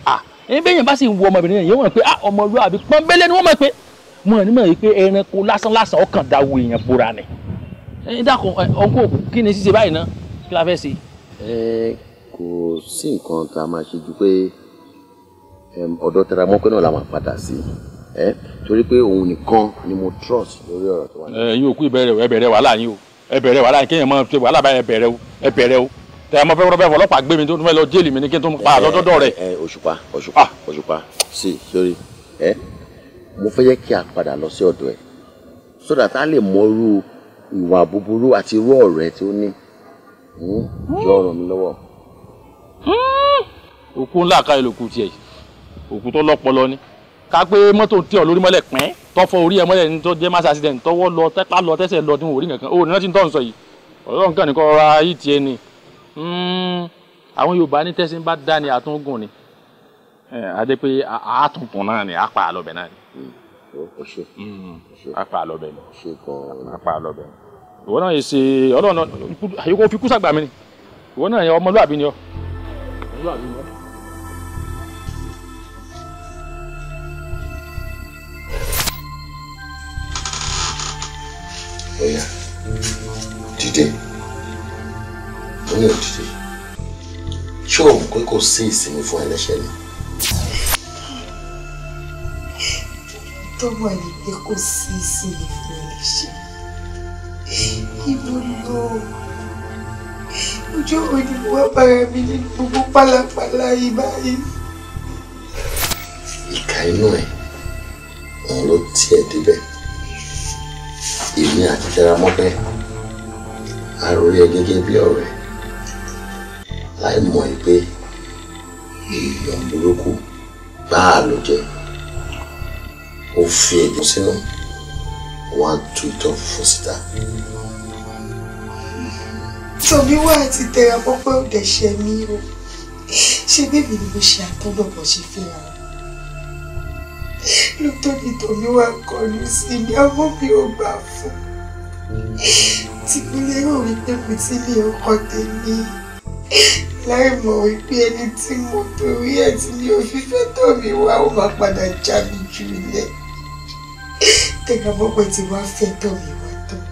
ah ẹni bẹ́ẹ̀ yẹn bá sì ń wo ọmọbìnrin yẹn yẹn wọ́n pé ah ọmọlúwàbí pọ́nbélé ni wọ́n mọ̀ pé wọn ò ní mọ̀ yìí pé ẹranko lásán lásán ọkàn da wo èèyàn bora ni ẹni dàkọ ọkọ kí ni ṣíṣe báyìí náà kí la fẹ́ ṣe. ẹ kò sí nǹkan tá a máa ṣe ju pé ọ̀dọ́ tẹra mọ́pẹ́ náà la máa padà sí ẹ torí pé òun nìkan ni mo trust lórí ọ̀rọ̀ tó wà. ẹ̀yin òkú ìbẹ̀rẹ̀ ẹ̀bẹ̀rẹ̀ wàhálà yín o ẹ̀bẹ̀rẹ̀ wàhálà yín kéèyàn máa ṣe wàhálà báyìí ẹ̀bẹ̀rẹ̀ o ẹ̀bẹ̀rẹ̀ o ẹ mọ fẹ́ rọ́bẹ́ ọlọ́pàá gbé mi tó fẹ́ lọ jẹ́lì mi ní kí n tó pa àlọ́dọ́dọ́ rẹ̀. ẹ òṣùpá òṣùpá ah. òṣùpá sí sórí ẹ mo fẹ́ yẹ kí a padà lọ sí ọ̀dọ̀ ẹ sódà tá a lè mọ irú ìwà búburú àti irú ọ̀rẹ́ tí ó ní yọ hmm? hmm? ràn mí lọ́wọ́. Hmm? òkú ńlá ká ìlòkù tiẹ̀ òkú tó lọ́pọlọ ni ká pé mọ́tò tí ọ̀ lórí mọ́lẹ̀ pín tọ́fọ́ orí ẹ̀ mọ́lẹ̀ ní tó jẹ́ mass accident tọ́wọ́ lọ tẹ́pá lọ tẹ́sẹ̀ lọ tí wọn ò rí nǹkan ó ní rántí tó ń sọ yìí ọ̀rọ̀ nǹkan nìkan rọra yìí tiẹ̀ ni. Hmm, àwọn Yorùbá ní tẹ́sí bá dá ni àtúngùn ni adé pé àtúntún náà ni apá àlọ́bẹ̀ náà hmm, hmm, ni. o ṣe apá àlọ́bẹ̀ ni apá àlọ́bẹ̀ ni. ìwọ náà yìí ṣe ọlọ́run náà àyíkó fi kú sàgbà mi ni ìwọ náà yẹn ọmọlúwàbí ni ọ. ọmọlúwàbí ni ọ. Oh yeah. Dìde torí òdìdí ṣé o mọ̀ pé kò sí ìsinmi fún ẹlẹ́ṣẹ̀ ni. tọ́wọ́ ẹni pé kò sí ìsinmi fún ẹlẹ́ṣẹ̀ ibo ló ojú òun ni mo wá bára mi ní gbogbo pálapàla yìí báyìí. ìka inú ẹ̀ òun ló tiẹ̀ débẹ̀ èmi àti tẹramọ́pẹ́ a rò rí ẹ gẹ́gẹ́ bí ọ̀rẹ́ láì mọ̀ ẹ́ pé èèyàn burúkú gbáà ló jẹ́ ó fi èdè sínú wọn á tu ìtọ́ funfun síta. tòbí wà á ti tẹra mọ́ pé ó dẹ̀ ṣe mí o ṣé bébì ni mo ṣe àtọ́gbọ̀n bó ṣe fi hàn nítorí tòbí wà kọlu sí ni ọmọ mi ò gbà fún tí mo lérò wípé mo ti ní ọkọ tèmi láì mọ̀ wípé ẹni tí mo torí ẹ̀ tí mi ò fi fẹ́ wá ó máa padà já mi ilẹ̀ tẹ̀gbọ́n tí wàá fẹ́ tọ̀ wá tán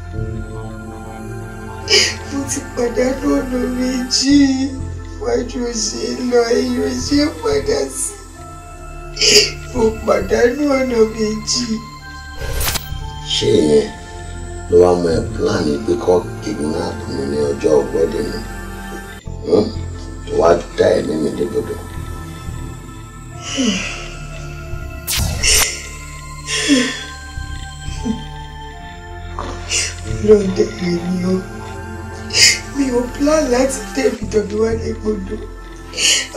mo ti pàdánù ọ̀nà méjì wájú òṣè lọ ẹ̀yìn òṣè padà sí mo pàdánù ọ̀nà méjì. ṣé ìyẹn ló wá mọ ẹ pílánì pé kọ́ kidnap mi ní ọjọ́ ọ̀gbẹ́dẹ̀ mi wà á da ẹ̀mí mi légbodò. lọ́n tẹ̀lé mi o mi ò plan láti tẹ̀lé tọ̀dọ̀ wá légbodò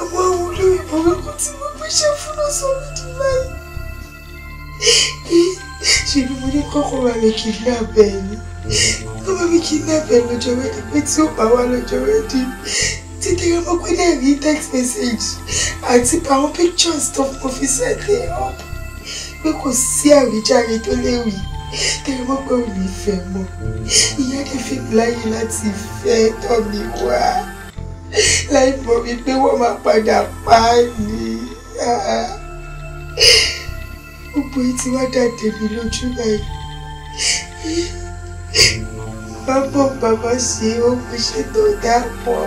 àmọ́ àwọn olóyè burúkú tí mo gbéṣẹ́ fún ọ̀sán mi ti báyìí ṣe ni mo ní kọ́kọ́ máa mi kì í ní abẹ́ ẹ̀yìn kọ́kọ́ mi kì í ní abẹ́ lọ́jọ́ wẹ́ẹ́dì pé tí ó pa wá lọ́jọ́ wẹ́ẹ́dì kékeré mo pé dẹ̀ rí text message àti àwọn pictures tó mo fi sẹ́tẹ̀ up pé kò sí àwíjàre tó léwu kékeré mo pé ò ní fẹ́ mọ́ ìyá kì í fi láyé láti fẹ́ tọ́ mi wá láì mọ̀ wípé wọ́n máa padà pa á ní gbogbo yìí ti wá dàdé mi lójú báyìí bábọ̀ bàbá ṣe ó fi ṣètò dápọ̀.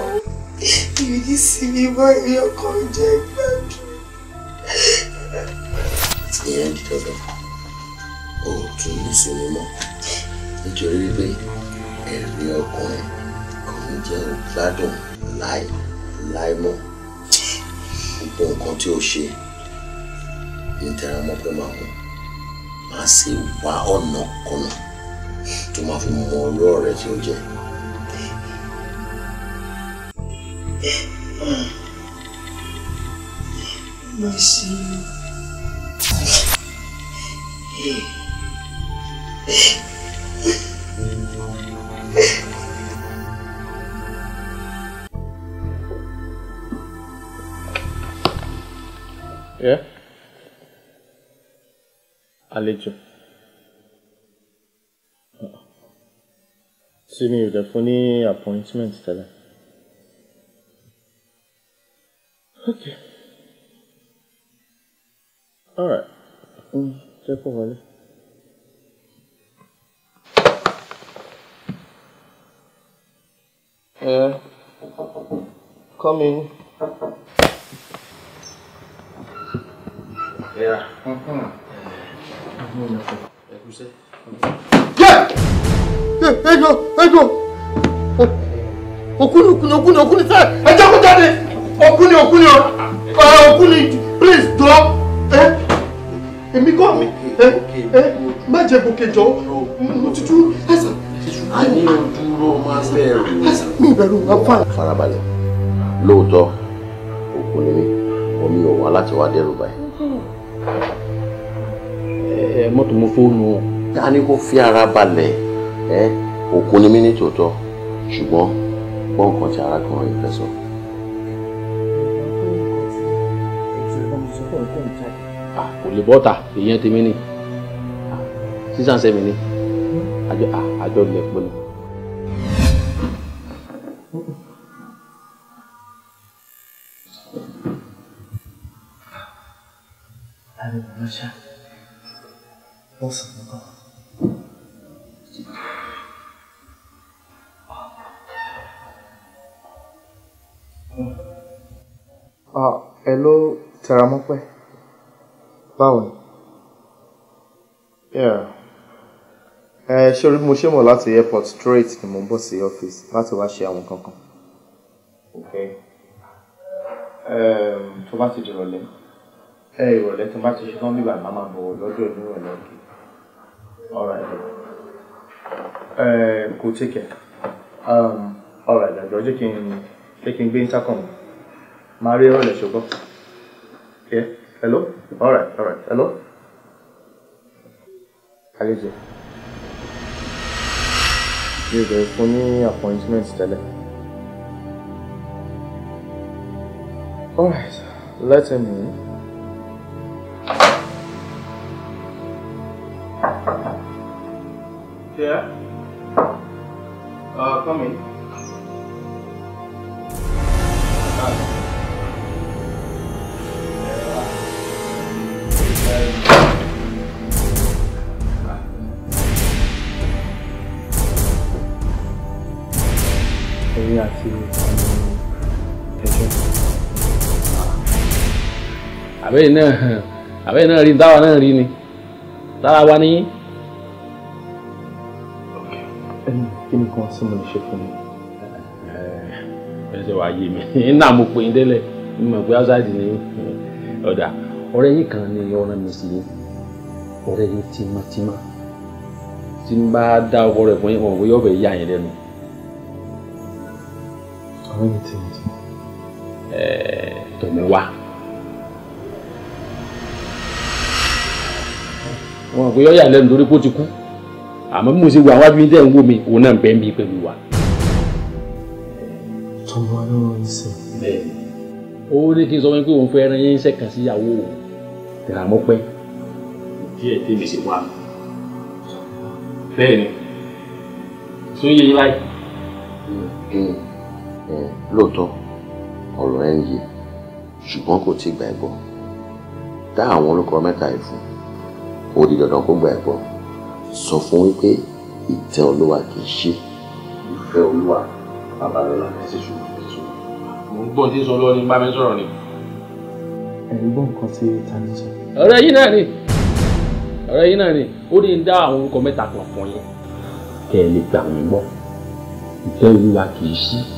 You sí see me ìrí your contact lens. ìyẹn di of o ò tún ní sinmi mọ́ nítorí wípé ẹ̀rí ọkùnrin kò ní jẹ́ gbádùn láì láì mọ́ gbogbo nǹkan tí o ṣe ní tẹ̀ra mọ́ pé máa mú máa sì wá ọ̀nà kan tó máa fi o jẹ́. mo ṣe é àlejò sí mi ò dẹ̀ appointment tẹ́lẹ̀. Okay. Alright. Um, jẹ́ kó wọlé. Uh, come in. Yeah. Mm-hmm. Yeah! Ẹ jọ! Ẹ jọ! Òkú ni òkú ni òkú ni sẹ́ẹ̀! Ẹ jẹ́ kó jáde! okuni okuni o ah, okuni please jọ Eh, emi ko mi eh, eh. má jẹ gòkè jọ mo ti tú ẹsà. a ní dúró máa bẹ̀rù. ẹsà mi ìbẹ̀rù máa fà. farabalẹ̀ lóòótọ́ òkú ni mí omi ò wá láti wá dẹ́rù báyìí. ẹ mọ́tò mo fóònù o. a ní kó fi ara balẹ̀ ẹ mi ni mí ní tòótọ́ ṣùgbọ́n gbọ́n nǹkan tí arákùnrin yìí fẹ́ sọ. àjùbọ́ta èèyàn tèmi ni six and seven ni àjọ àjọ ilẹ̀ pọ̀ ni. Allez, mon chat. Bonsoir, mon Ah, hello, Teramope báwo ni ẹ eh, ṣe orí mo ṣe mọ̀ láti airport straight ni mo ń bọ̀ sí ọ́fíìsì láti wá ṣe àwọn kankan. okay ehm, tó bá ti dìrọ̀lẹ́ ẹ ìrọ̀lẹ́ tó bá ti ṣe tán bíbà máa máa bọ̀ lọ́dọ̀ ẹ̀ nírọ̀lẹ́ òkè alright ẹ eh, kò tíkẹ̀ um, alright àjọ jẹ́ kí n jẹ́ kí n gbé intercom máa rí ìrọ̀lẹ́ ṣùgbọ́n hello. All right, all right. Hello? Hello, You ò bẹ̀rẹ̀ fún appointments appointment tẹ́lẹ̀. All right, let him in. Yeah. Uh, come in. Uh, àti ẹjọ́. Abe náà àbẹ́yìn náà rí táwa náà rí ni tára wa níyìn. ẹni kí ni kan sí mo lè ṣe fún mi. ẹ ṣe wàá yé mi nínú àmọ́ pé ń délẹ̀ ń mọ̀ pé outside ni ọ̀dà ọ̀rẹ́ yìí kan ni ọ̀rẹ́ mi sì yín ọ̀rẹ́ yìí tímọ́tímọ́ tí n bá dá ọkọ rẹ̀ fún yín wọn ò wí ọ̀bẹ yá yín lẹ́nu appointment tòmíwá. wọn kò yọ yà lẹ́nu torí pé ti kú àmọ́ bí mo ṣe wo àwọn abíyẹn tẹ̀ ń wò mí òun náà bẹ́ẹ̀ mi pẹ̀lú wa. tọmọ náà ń sè. bẹ́ẹ̀ni ó ní kí n sọ wọn pé òun fẹ́ ran yín iṣẹ́ kan sí ìyàwó òun tẹ̀ra mọ́ pẹ́ díẹ̀ tèmi sì wà bẹ́ẹ̀ni tó yẹ yín láì lóòótọ́ ọ̀rọ̀ ẹ ń yé ṣùgbọ́n kò tí ì gbà ẹ́ gbọ́ dá àwọn olùkọ mẹ́ta yìí fún ó di dandan kó gbà ẹ́ gbọ́ sọ fún wípé ìtẹ́ olúwa kì í ṣe ìfẹ́ olúwa babalọ́lá kì í ṣe ṣùgbọ́n kì í ṣe. mo ń gbọ́ tí ń sọ lọ́ọ́ ní bá mi sọ̀rọ̀ ni. ẹ̀ ń gbọ́ nǹkan tí tani sọ. ọ̀rẹ́ yín náà ni ọ̀rẹ́ yín náà ni ó ní dá àwọn orúkọ mẹ́ta kan fún yín. kẹ́ ẹ lè gbà wọ́n gbọ́ ìfẹ́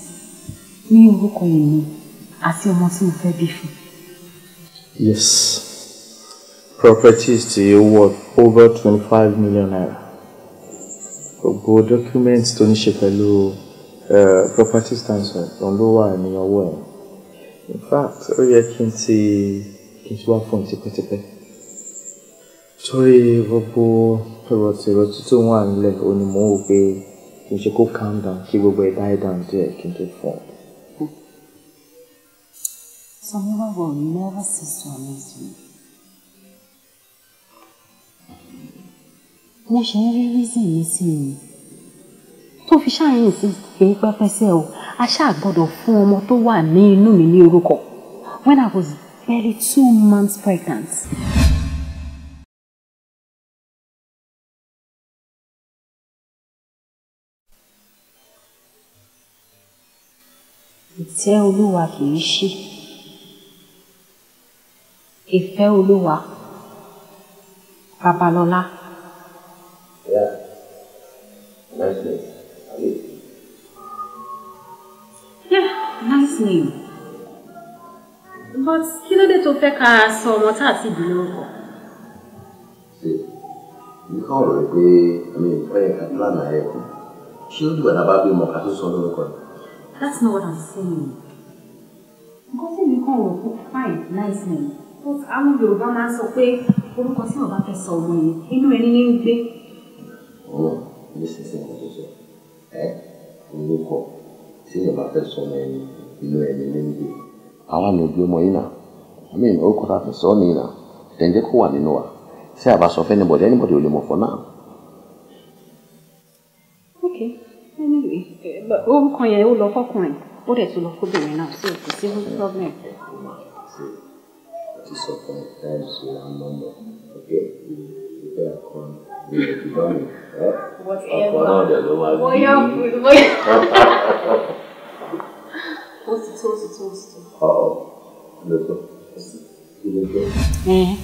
ní orúkọ èmi àti ọmọ tí mo fẹ́ bí fún. yes properties ti worth over twenty five million naira gbogbo documents tó ní ṣe pẹ̀lú properties transfer òun ló wà ní ọwọ́ ẹ̀ in fact ó yẹ kí n ti kí n ti wá fún tipẹ́tipẹ́ torí gbogbo rọ̀tìrọ̀tì tó wà nílẹ̀ ó ní mò ń wò pé kí n ṣe kó calm down kí gbogbo ẹ̀ die down díẹ̀ kí n tó fún ọ. Someone will never cease to amaze me. Mo ṣe ń rí reason mi sí mi. Tó fi ṣáàyàn insist pé pẹ́pẹ́sẹ́ o, a ṣáà gbọ́dọ̀ fún ọmọ tó wà ní inú mi ní orúkọ. When I was barely two months pregnant. Ìtẹ́ Olúwa kì í ṣí ìfẹ́ olúwa babalọ́lá. Yeah. Nice name. Yeah, nice name. But kí ló dé tó fẹ́ ká sọ ọmọ tá àti ìbí lórúkọ? Ṣé nǹkan ọ̀rọ̀ rẹ̀ pé mi ò fẹ́ àtúlànà ẹ̀ kù? Ṣé ó dìgbà lábá bímọ ká tó sọ lórúkọ That's not what I'm saying. Nǹkan tí mi kàn wọ̀ fún fine nice name. àwọn Yorùbá máa ń sọ pé orúkọ tí ọba fẹ sọ ọmọ yẹn inú ẹni ní ń gbé. ọba àwa ló gbé ọmọ yìí náà a sọ ọ́ nìyí náà tẹ̀ǹjẹ́ kó wà nínú wa ṣé àbá sọ fẹ́ anybody anybody ò lè mọ̀ fọ́ náà. anyway orúkọ yẹn ó lọ fọkùnrin ó dẹ̀ tún sọ fún mi times you are normal okay ìfẹ́ kan ní ìdúró mi ọ̀pọ̀ náà dẹ̀ ló máa bí i. ó ti tó ó ti tó ó ti tó. ọ̀ọ́ ló tó Eh,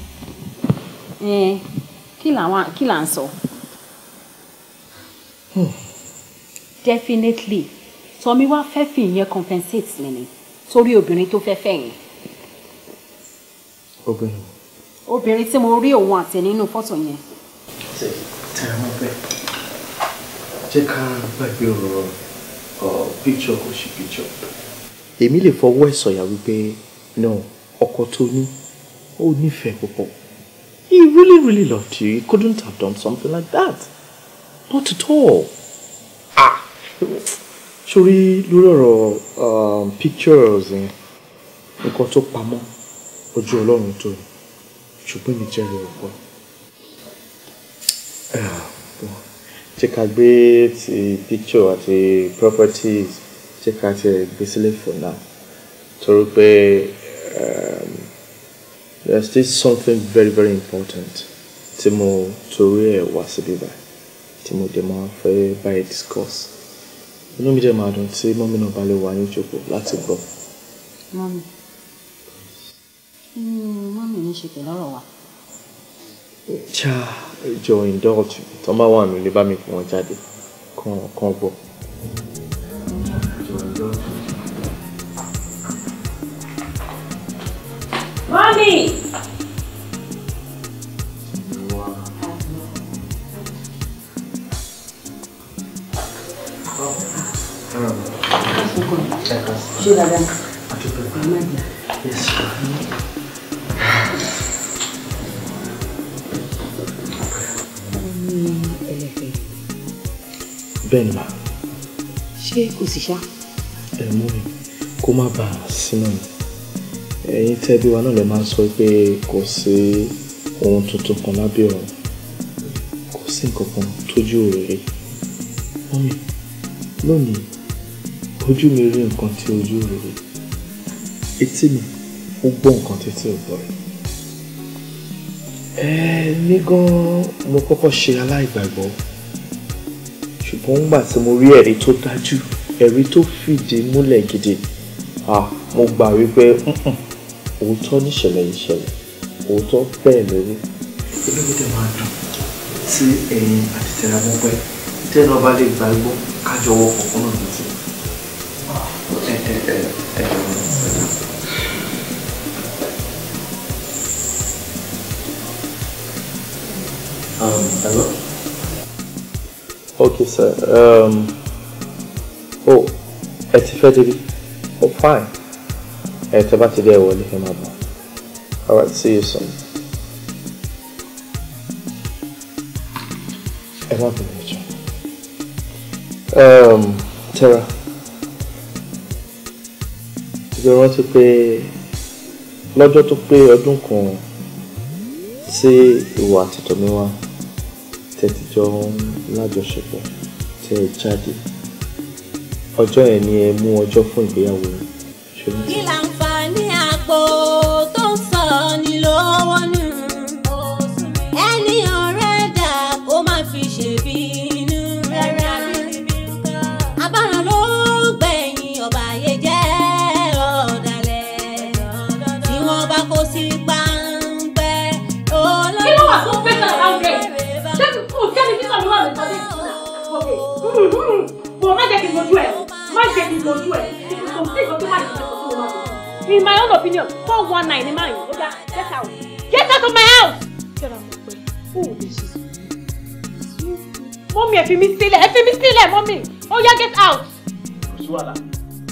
eh. Kill and one. Kill and so. sọ. definitely Sọmi wá fẹ́ fi ìyẹn compensate me ni torí obìnrin tó fẹ́ fẹ́ yẹn obìnrin. obìnrin tí mo rí òun àtẹ nínú fọ́tò yẹn. ṣe tẹ̀lé mọ́ bẹ́ẹ̀ jẹ́ ká gbàgbé ọ̀rọ̀ píkṣọ̀ kò sí píkṣọ̀. èmi lè fọwọ́ ẹ̀ sọ̀yà wípé náà ọkọ tó ní ó nífẹ̀ẹ́ púpọ̀ he really really loved you he couldn't have done something like that not at all. ah sórí lórí ọ̀rọ̀ um, pictures nǹkan tó pamọ́ ojú ọlọ́run tó ni ṣùgbọ́n mi jẹ́ rẹ̀ ọ̀pọ̀ jẹ́ ká gbé ti picture àti properties jẹ́ ká ti gbé sílẹ̀ for now torí pé um, there is still something very very important tí mo torí ẹ̀ wá síbí báyìí tí mo dẹ̀ máa fẹ́ báyìí discuss inú mi dẹ̀ máa dùn tí mọ́mí náà bá lè wà ní ìjókòó láti gbọ́. mọ́mí mọ́mí ní ṣe pẹ̀lú ọ̀rọ̀ wa. ṣá ìjọ indulge tó bá wà nílé bá mi fún wọn jáde kan gbọ́. mọ́mí. Ṣé dáadáa? Àmàdìyà. ní ẹlẹ́fẹ̀. bẹ́ẹ̀ni ma. ṣé kò sì ṣá. ẹ mú mi kó má bàa sínú mi ẹ̀yin tẹ́bí wa náà lè máa sọ pé kò sí ohun tuntun kan lábẹ́ ọ̀run kò sí nǹkan kan tójú òrèrè mọ́mí lónìí ojú mi rí nǹkan tí ojú òrèrè etí mi ó gbọ́ nǹkan títí ò gbọ́ rẹ̀ ní gan mo kọ́kọ́ ṣe aláìgbàgbọ́ ṣùgbọ́n ńgbà tí mo rí ẹ̀rí tó dájú ẹ̀rí tó fìdí múlẹ̀ gidi mo gbà wípé òótọ́ níṣẹ̀lẹ̀ yìí ṣẹlẹ̀ òótọ́ bẹ́ẹ̀ lórí. olóògbé máa dùn tí ẹ̀yin àti tẹ̀lábọ́ pẹ́ tẹ́lẹ̀ ọba lè gbàgbọ́ kájọwọ́ kọ̀ọ̀kan náà lọ́sẹ̀. ẹ̀ẹ́dẹ̀ẹ̀dẹ̀ Um, hello? Okay, sir. Um, oh, ẹ ti Oh, fine. Ẹ tẹ́ bá ti dé ẹ̀wọ̀ ní Alright, see you soon. I má bẹ̀rẹ̀ ẹ̀jọ̀. Um, Tara, You ìgbẹ́ rántí pé lọ́jọ́ tó pé ọdún kan sí ìwà àtìtọ́míwá tẹ́tíjọ́ lájọṣepọ̀ tẹ́ ẹ jáde ọjọ́ ẹ̀ ni ẹ mú ọjọ́ fún ìgbéyàwó yín. kí láǹfààní àpò tó sọ ni lówó ní. get it was well. Kò sí ìgbà tó má lè jẹ́ kó máa In my own opinion, four one nine ni máa get out. Get out of my house! Kẹ́ra mo pé o ò lè ṣe sùúrù. Mọ́mí ẹ fi mí sílẹ̀ ẹ fi mí sílẹ̀ mọ́mí ó yá get out. Kò sí wàhálà,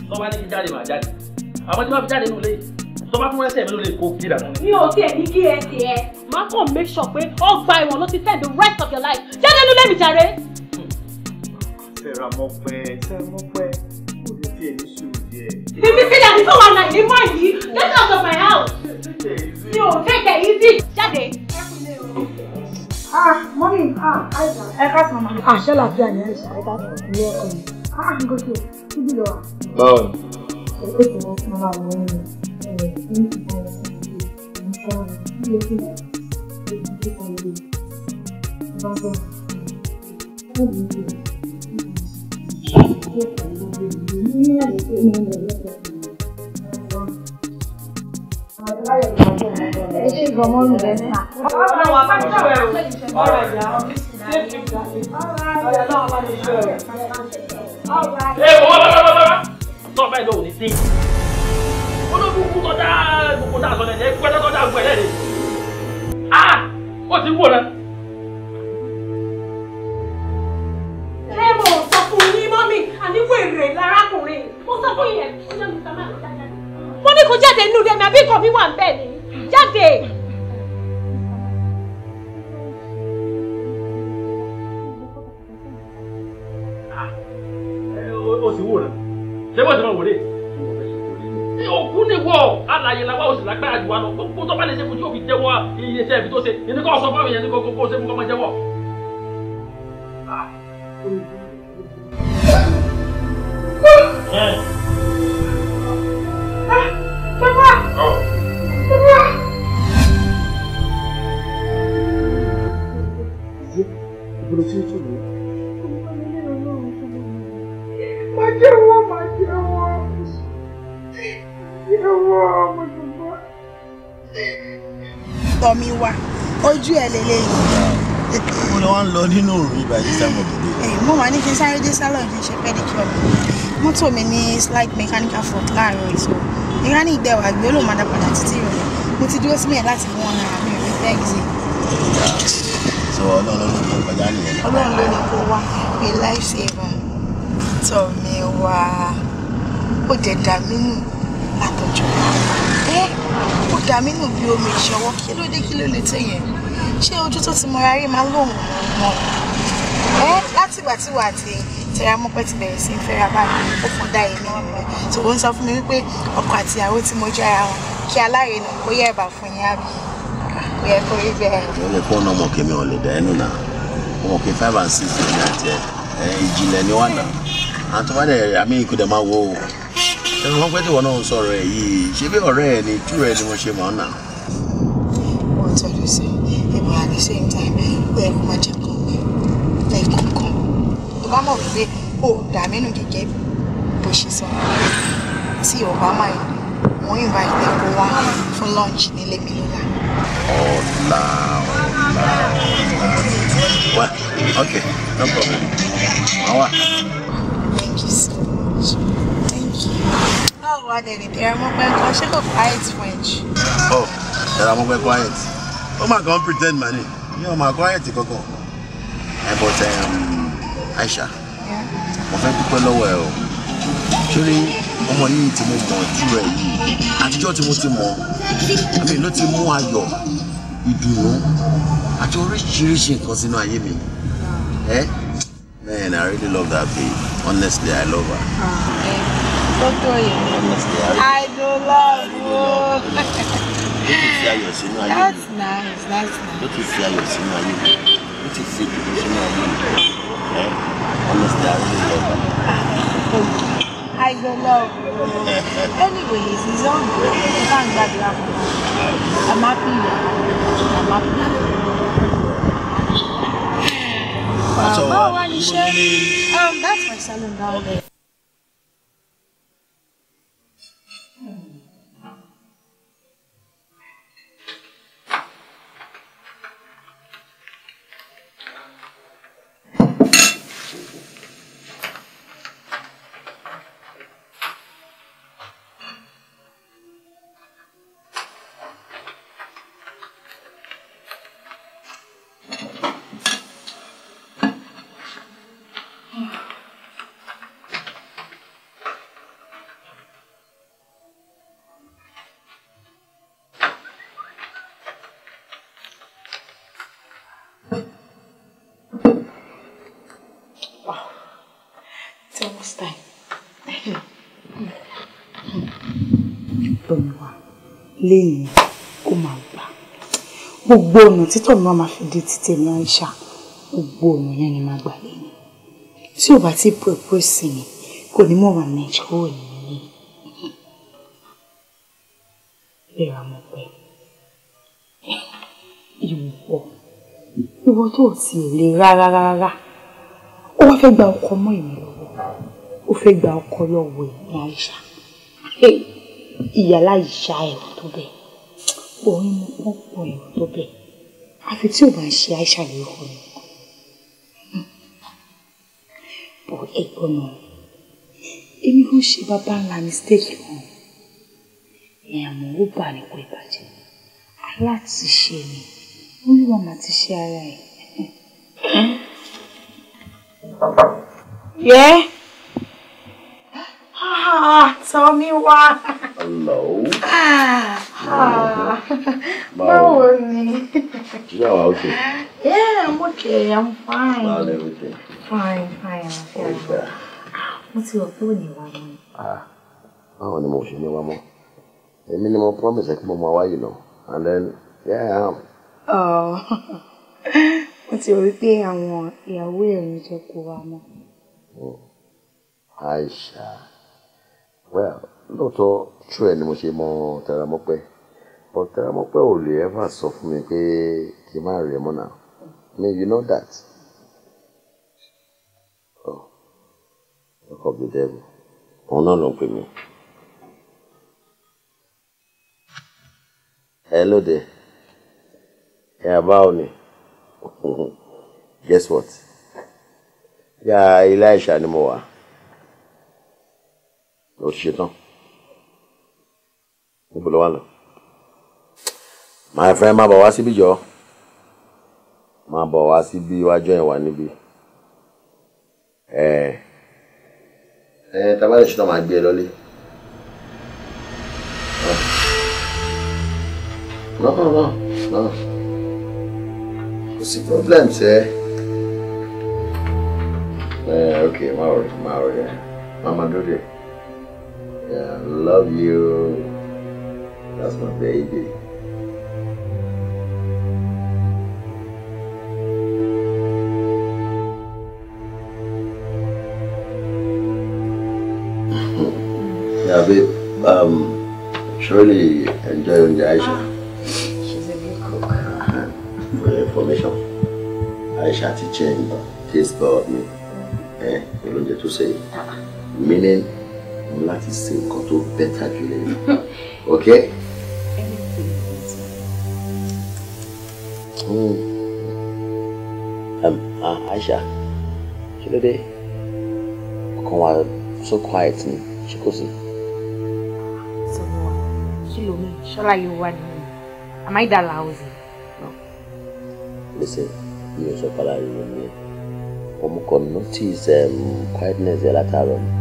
tó bá ní kí jáde màá You àmọ́ tí wọ́n fi jáde nù lé tó bá fún ẹsẹ̀ mi ló lè kó kí dànù. Mi ò tiẹ̀ ní kí ẹ tiẹ̀. Má kàn make sure pé ọgbà ẹ̀wọ̀n ló ti spend the rest of your life. Jáde nínú lẹ́mìí jàre. Fẹ́ra mọ́ pẹ́, fẹ́ra mọ́ pẹ́. Baby, say that people are like, they mind you. Get out of my house. Yo, take it easy. Jáde. Ah, mommy, ah, Aisha. Ẹ ká sọ mọ́. Ah, ṣé làáfíà ni Aisha? Ẹ ká sọ ní ọkọ mi. Ah, gòkè, ibi lọ. Báwo ni? Ẹ pè sí wọn máa wọ ẹni ẹ̀ ní ìbọn ìṣòro ilé tí ó ti ṣe ìdíje kan lé. Bá bọ̀, ó bí ìbọn ẹ ṣe gbọmọ ah! mi mú jáde nínú ilé mi àbí nǹkan mi wà ń bẹ̀ ni jáde. ó sì wúra ṣé wọ́n ti máa wòlé òkú ni wọ alàyè làwa òsì lágbára jù wá lọ gbogbo tó bá lè ṣe kùtì òfin jẹ́wọ́ iye iṣẹ́ ibi tó ṣe ìní kò sọ fáwọn èèyàn ní kókó kó ṣe fún kọmọ jẹ́wọ́. Yeah. Bolo tí ó tó lò. Má jẹ́wọ́, má jẹ́wọ́. Jẹ́wọ́, mo ti bọ́. Tọ́mi wá, ojú ẹ̀ lélẹ́yìn. Mo lọ wá ń lọ nínú òru ibà yìí sáà mọ̀ dédé. Mo wà ní kí n sáré dé salon kí n ṣe pedicure. Mọ́tò mi ní slight mechanical fault láàárọ̀ ìṣó. Ìrání ìgbẹ́wà gbé ló títí ìrọ̀lẹ́. Mo ti dúró sílẹ̀ láti mú ọ̀nà àbí ìrẹ́fẹ́ ìgbé ọlọ́run ló ń kọjá nìyẹn. ọlọ́run ló ní kó wá mi life saver tọ̀ mi wá ó dẹ̀ dà mí nù látọ̀jọ́ ẹ́ ó dà mí nù bí omi ìṣọwọ́ kí ló dé kí ló lè tẹ̀yẹ̀ ṣé ojú tó ti mọra rí máa lóhùn mọ́ ẹ́ látìgbà tí wà á ti tẹ́ra mọ́pẹ́ ti bẹ̀rẹ̀ sí fẹ́ra báyìí ó fún dá èmi wọn pẹ́ tó sọ fún mi wípé ọkọ àti ìyàwó tí mo jẹ́ wọn kí alárinà ó yẹ fún yín àbí yẹ kó rí bẹ́ẹ̀. o ọmọ kèmí ò lè dá ọmọ kèmí five and six ní àti ìjìnlẹ̀ ni wà náà àtúwádẹ àmì ikú dẹ̀ máa wo o ẹnu wọn pẹ́ wọn náà ń sọ̀rọ̀ yìí ṣé bí ọ̀rẹ́ ẹ ni tú ẹ ni mo ṣe mọ̀ náà. wọ́n tọ́jú sí ìmọ̀ at the same time ó yẹ kó máa jẹ kàn mí lẹ́ẹ̀kan kan tó bá mọ̀ wípé ó dà mẹ́nu gẹ́gẹ́ bó ṣe sọ tí ọ̀bá máa wọ́n yìnbọn ìtẹ́kọ̀ọ́ wá fún lunch nílé mi lọ́la ọ̀la ọ̀la ọ̀la wá ok no problem wá wá. thank you so much thank you. báwo wá dẹ̀rẹ̀ ìrànmọ́pẹ́ kan ṣé kò quiet french. oh ìrànmọ́pẹ́ quiet Oh, my God, pretend mani mi ò máa quiet kankan but um, Aisha Yeah. fẹ́ dúpẹ́ lọ́wọ́ ẹ o ṣé ọmọ yìí tí mo mọ̀ jù ẹ̀ yìí àtijọ́ tí mo ti mọ̀ àmì ló ti mú ayọ̀ ìdùnnú àti oríṣiríṣi nǹkan sínú ayé mi man i really love that babe honestly i love her. Dr. Yemi, I do love you. That's nice, that's nice. Ló ti fi ayọ̀ sínú ayé mi. Ló ti fi ìdùnnú sínú ayé mi. Honestly, I really love her. Ah, I don't know. Anyways, he's all good. Thank God you have I'm happy. I'm happy. Wow, um, that's my salon down there. lẹ́yìn ó máa gbà gbogbo ọ̀nà títọ̀ mi máa fi di títí ẹ̀mí àìṣà gbogbo ọ̀nà yẹn ni máa gbà lẹ́yìn tí ò bá ti propose sí mi kò ní mọ̀ wà ní ìṣòro nìyí léra mọ̀ pé ìwọ ìwọ tó ti lè rárá rárá ó wá fẹ́ gba ọkọ mọ́ ìmọ̀ lọ́wọ́ ó fẹ́ gba ọkọ lọ́wọ́ ìmọ̀ àìṣà. Hey ìyàlá ìṣá ẹ̀rù tó bẹ̀ orin mu wọ́n pọ̀ tó bẹ̀ àfi tí ò bá ń ṣe àìṣà lóko ni. bọ̀ ẹ̀gbọ́n náà èmi kò ṣe bàbá ńlá mistake kan ẹ̀yìn àmọ́ ó bà ní kó ìbàjẹ́ aláti ṣe ni olúwa mà ti ṣe ara ẹ̀. yẹ́ẹ́. Ah, tell me why. Hello. Ah, hello. How báwo ni? Ṣé àwọn ọ̀sẹ̀? Yeah, I'm okay, I'm fine. Báwo lè wíṣẹ̀? Fine, fine. Okay. What's your pé ò ní Ah, I want ni mo ṣe ní wá mọ́? Èmi promise I pé mo máa wá yìí lọ. And then, yeah, I am. Mo oh. ti rò wípé I ìyàwó ẹ̀ ń jẹ́ kó wá mọ́. Oh, Aisha. well lóòótọ́ true ẹ̀ ni mo ṣe mọ Tẹramọ́pẹ́ but Tẹramọ́pẹ́ ò lè ever sọ fún mi pé kí n má rẹ̀ mọ́ náà may you know that oh ọkọ̀ bí dẹ́rù òun náà ló ń pè mí. hello there ẹ̀ bá ò ní guess what yà ilé àìsàn ni mo wà lọ ṣe tán níbo ló wà lọ. my friend máa bọ̀ wá síbí jọ máa bọ̀ wá síbí iwájú ẹ̀ wá níbí. ẹ ẹ tábà lè ṣe tán máa gbé ẹ lọ́lé. No, no, no. Kò sí problem ok, máa rẹ̀ máa rẹ̀ máa Yeah, love you. That's my baby. yeah, babe. Um, surely enjoying the Aisha. Ah, she's a good cook. Uh-huh. For your information, Aisha ti change taste bud me. Eh, don't oúnjẹ tó say ah. Meaning. láti ṣe nǹkan tó bẹ́tà jù lè rí ok. Hmm. Um, uh, Aisha, kí ló dé? Ọkàn wa so quiet ni, ṣé kò sí? Sọ̀rọ̀ wa, kí ló mi? Ṣọ́lá yóò wá nínú. Am I that lousy? No. Listen, mi ò sọ pàlà ìròyìn yẹn. Òun notice um, quietness yẹn látàárọ̀ ni.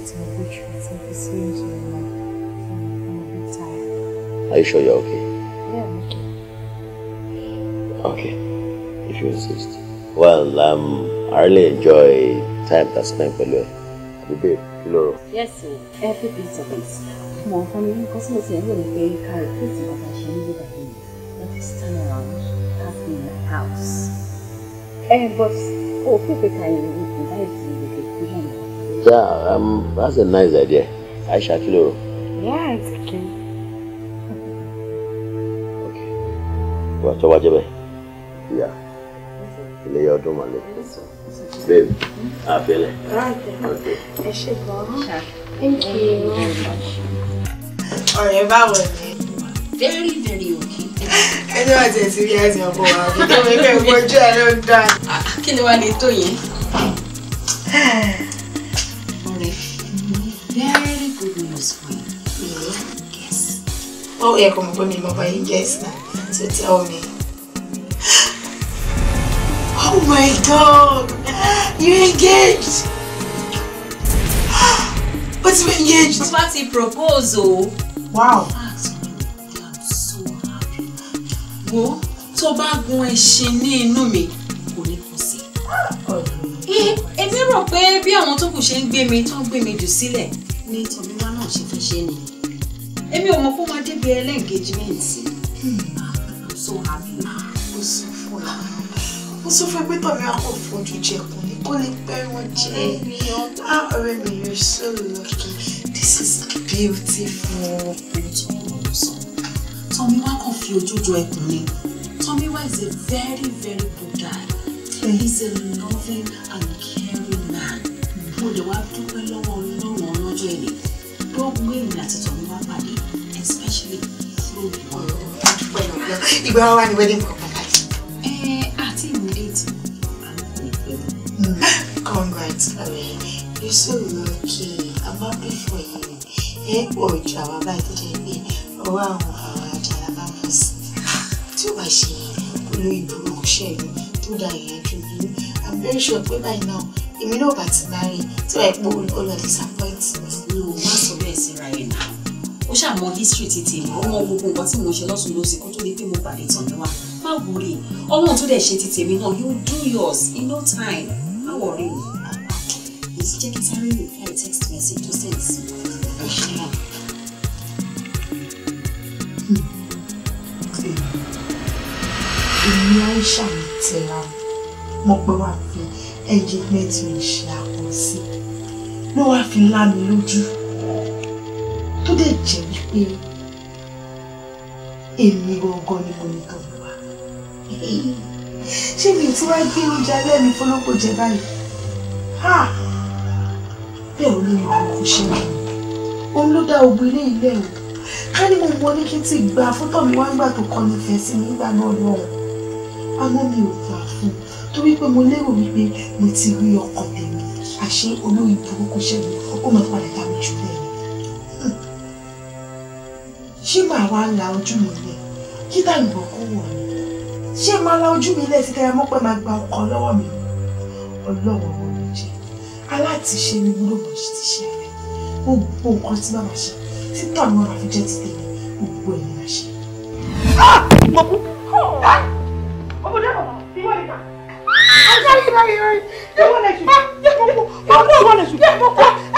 of which um, I'm a bit tired. Are you sure you're okay? Yeah, okay. Okay, if you insist. Well, um, I really enjoy time that's spent with you. Babe, Laura. Yes, sir. Every piece of it. Come on, me because I'm going to pay carry this because I should leave But this time around, has been my house. Eh, but, oh, people can invite you to a vision Yeah, um, that's a nice idea. I Aisha Kiloro. Yeah, it's okay. Okay. Wà á tọ́ wá jẹ́bẹ̀. Ìyá. Ilé yẹ ọdún màlẹ̀. Babe, àbẹ̀lẹ̀. Okay. ṣe gan-an. Thank you. All right, báwo ni? Very very okay. Ẹni wà tẹ̀ sí bí ẹ̀sìn ọkọ̀ wa. Ìjọba ìgbẹ́ ìgbọ́jú ẹ̀ ló dáa. Kí ni wàá lè tó yẹn? Oh, yẹ kó mọ̀ my mi mọ̀ bá yín so tell me. Oh my God! you're engaged! What's you engaged! Mo bá proposal? Wow! Ah, I'm so happy. Wo tó bá gun ẹṣin ní inú mi kò ní kù sí. Èmi rò pé bí àwọn tó kù ṣe ń gbé mi tó ń gbé mi jù sílẹ̀ ni tòmíwá náà ṣe èmi ò mọ̀ fún wọn débi ẹlẹ́ǹgẹ́jìmẹ̀ǹt sí. so happy ó sọ fún ẹ ó sọ fún ẹ pé tọ́mi akọ fojú jẹkùn ní kó lè pẹ́ wọn jẹ́ ah ọ̀rẹ́ mi you're so lucky this is beautiful. tọ́mi wá kàn fi ojújọ ẹkùn ni tọ́mi wá is a very very good guy yeah. Hmm. he's a loving and caring man mo lè wá dúpẹ́ lọ́wọ́ ọlọ́run ọlọ́jọ́ ẹ̀nìkan mú èmi àti ìgbà wa ni wedding eh, congrats ọ̀rẹ́ you so lucky i'm happy for you ẹ pọ̀ ju àwọn bá ti jẹ́ pé ọwọ́ àwọn àwọn ajala bá fọ́ sí tí ó bá ṣe olú i'm very sure pé báyìí náà èmi náà bá ti máa rí tí wàá pọ̀ olùdíṣàpọ̀ìtì mi ṣàmọ history ti tèmi ọmọ gbogbo nǹkan tí mo ṣe lọ́sùn lọ́sìn kó tó di pé mo pàdé tàn ní wa má wúre ọmọ tó dẹ̀ ṣe ti tèmi náà you do yours in no time má wọrí mi. mo ti jẹ́ kí sáré reply text message tó send sí ẹ ṣe náà. Hmm. èmi aisha mi tẹra mo pé wá fi ẹ̀jẹ̀ mẹ́tò ìṣe àkọsí ló wá fi lá mi lójú tó dẹ̀ jẹ́ pé èmi gangan ni mo ní tọ́jú wa ṣé mi tí wàá gbé oúnjẹ alẹ́ mi fọlọ́pọ̀ jẹ báyìí bẹ́ẹ̀ olórí kòkó ṣe wà òun ló dá ogun ilé ilé o ká ní mo wọlé kí n ti gba fótó mi wá nígbà tó kọ nífẹ̀ẹ́ sí mi nígbà náà lọ́wọ́ àmọ́ mi ò gbà fún un torí pé mo lérò wípé mo ti rí ọkàn tèmi àṣé olórí burúkú ṣẹ́gun ó máa padà dá mi jù bẹ́ẹ̀ ṣé màá wá la ojú mi lẹ̀ kí tàyìnbó kó wọ̀ ni ṣé màá la ojú mi lẹ̀ sí kẹ́yà mọ́pẹ́ máa gba ọkọ lọ́wọ́ mi ọlọ́wọ́ wọn ló jẹ́ aláàtìṣe ni wúlò bó ṣe ti ṣe rẹ̀ gbogbo nǹkan tí bàbá ṣe títà àwọn àfi jẹ́ ti tèmi gbogbo ẹ̀yìn la ṣe. Ah! mo kú. ọmọ ah! dẹ́kun ìwọ ìta. ọjọ́ ah, náà yìí rẹ̀ ah, lẹ̀ sùn. mo kú ìwọ ah! lẹ̀ sùn. ah,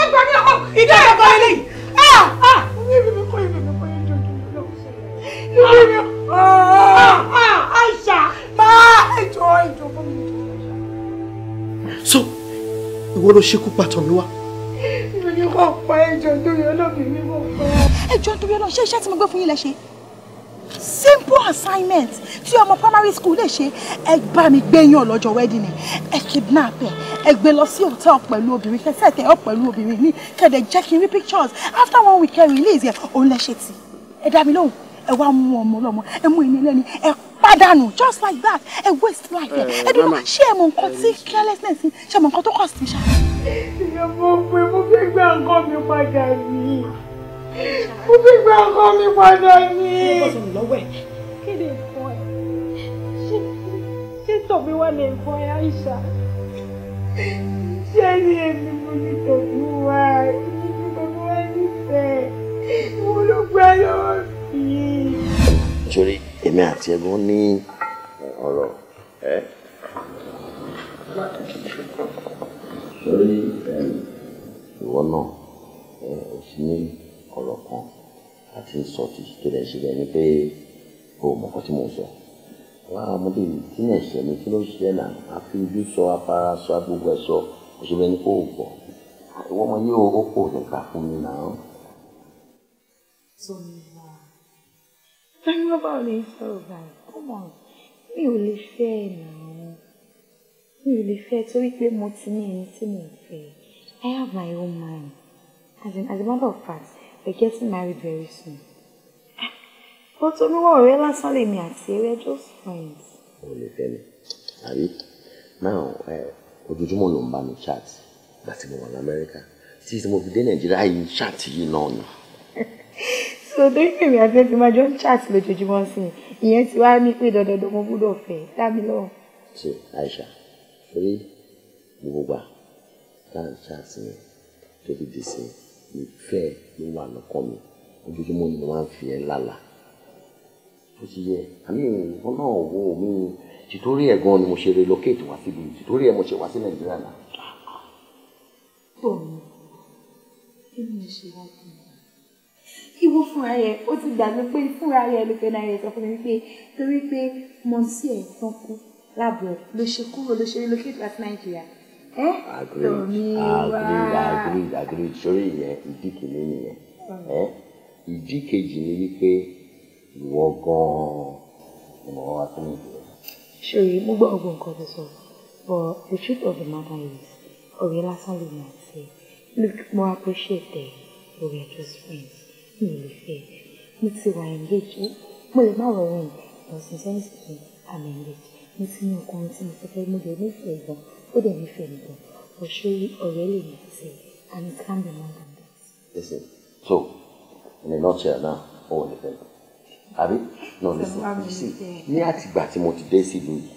ah, ọkọ ìdá ẹ̀kọ́ ilé yìí. ìwọ ló ṣekú pàtàn mi wá. mi ò pa ẹjọ́ nítorí ọlọ́bì mi mọ̀ pa. ẹjọ́ nítorí ọlọ́run ṣé iṣẹ́ tí mo gbé fún yín lẹ ṣe simple assignment tí ọmọ primary school lè ṣe ẹ bá mi gbẹ̀yàn lọ́jọ́ wedding ni ẹ kidnap ẹ ẹ gbé lọ sí hotel pẹ̀lú obìnrin kẹsẹ̀ ẹ̀ tẹ̀ pẹ̀lú obìnrin ní kẹ̀dẹ̀ jẹ́ kí n rí pictures after one week ẹ release ẹ òun lẹ ṣe tì ẹ dá mi lóhùn ẹ wá mú ọmọ ọlọ́mọ ẹ mú ẹni ẹlẹ́ni ẹ pàdánù just like that ẹ waste life ẹ eh, ẹ dúró ṣé ẹ mọ nǹkan tí carelessness ṣe mọ nǹkan tó kọ̀ sí ṣá. ìyá mo pé mo fẹ́ gba nǹkan mi padà ní mo fẹ́ gba nǹkan mi padà ní. kéde ìfọ ẹ ṣé tọ̀bí ṣé ẹni èmi mo ní tọ̀bí wá èmi mo ní tọ̀bí wá mo ló gbá lọ́wọ́ mi nítorí èmi àti ẹ̀gbọ́n ní ọ̀rọ̀ ẹ. lórí ìwọ náà ẹ ò sí ní ọ̀rọ̀ kan àti sọtì tó lè ṣe bẹ́ẹ̀ ni pé o mọ nǹkan tí mò sọ lára ọmọdé yìí kí ni ẹ̀ṣẹ̀ mi kí ló ṣiṣẹ́ náà àfi ojú sọ afárá sọ agbègbè sọ kò ṣe ni kò gbọ́ ìwọ ọmọ yìí ó pò nípa fún mi náà. Sáré báwo lè sọ̀rọ̀ báyìí? Come on, mi ò lè fẹ́ ẹ̀ náà. Mi ò lè fẹ́ torí pé mo ti ní ẹni tí mo fẹ́. I have my own mind. As, in, as a matter of fact, we're getting married very soon. Ó ah, tó mi wá ọ̀rẹ́ lásán lèmi àti ẹ̀rẹ́ just friends. O lè fẹ́ mi, àbí? Now, eh, ojoojúmọ́ ló ń bá mi chat láti mo wà ní Amẹ́ríkà. Tí mo fi dé Nàìjíríà yìí chat yìí náà ni. so torí pèmí àti ẹ ti máa jọ ń chat lójoojúmọ́ sí i ìyẹn ti wá ní pé dandandan mo gbúdọ̀ fẹ́ dá mi lọ. ṣe Aisha torí gbogbo gbà tá à ń chat yẹn tó fi dì sí ìfẹ́ ló wà lọ́kàn mi ojoojúmọ́ ni mo máa ń fi ẹ́ lálà ó ti yẹ àmì ìwọ náà wo mi tìtórí ẹ̀ gan ni mo ṣe relocate wá síbi tìtórí ẹ̀ mo ṣe wá sí Nàìjíríà náà. bọ̀ mi kí ni mo ṣe wá owó fúnra yẹn ó ti gbàgbé pé fúnra yẹn ló náà yẹn sọ fún mi pé torí pé mọ̀nsí ẹ̀ tán kú láàbọ̀ ló ṣe kúrò ló ṣe relocate láti nàìjíríà. sórí ìyẹn ìdí kìíní nìyẹn ìdí kejì ni wípé ìwọ gan-an ni mo wá fún ìdí rẹ. ṣòye mo gbọ́ ọgbọ́n nǹkan tó sọ but the truth of the matter is ọ̀rẹ́ lásán ló máa ṣe look more appreciate than but we are just friends mi ò lè fẹ́ mo ti wà engage mo lè má wọ ring but in sense pé i'm engage mo ti ní ọkùnrin tí mo fẹ́ fẹ́ mo lè nífẹ̀ẹ́ gan ó dẹ̀ nífẹ̀ẹ́ gan but ọ̀rẹ́ lè ní ti sè and it can so in a nutshell now ó wọ nífẹ̀ẹ́ mi àbí no listen you see ní àtìgbà tí mo ti dé sí ìlú yìí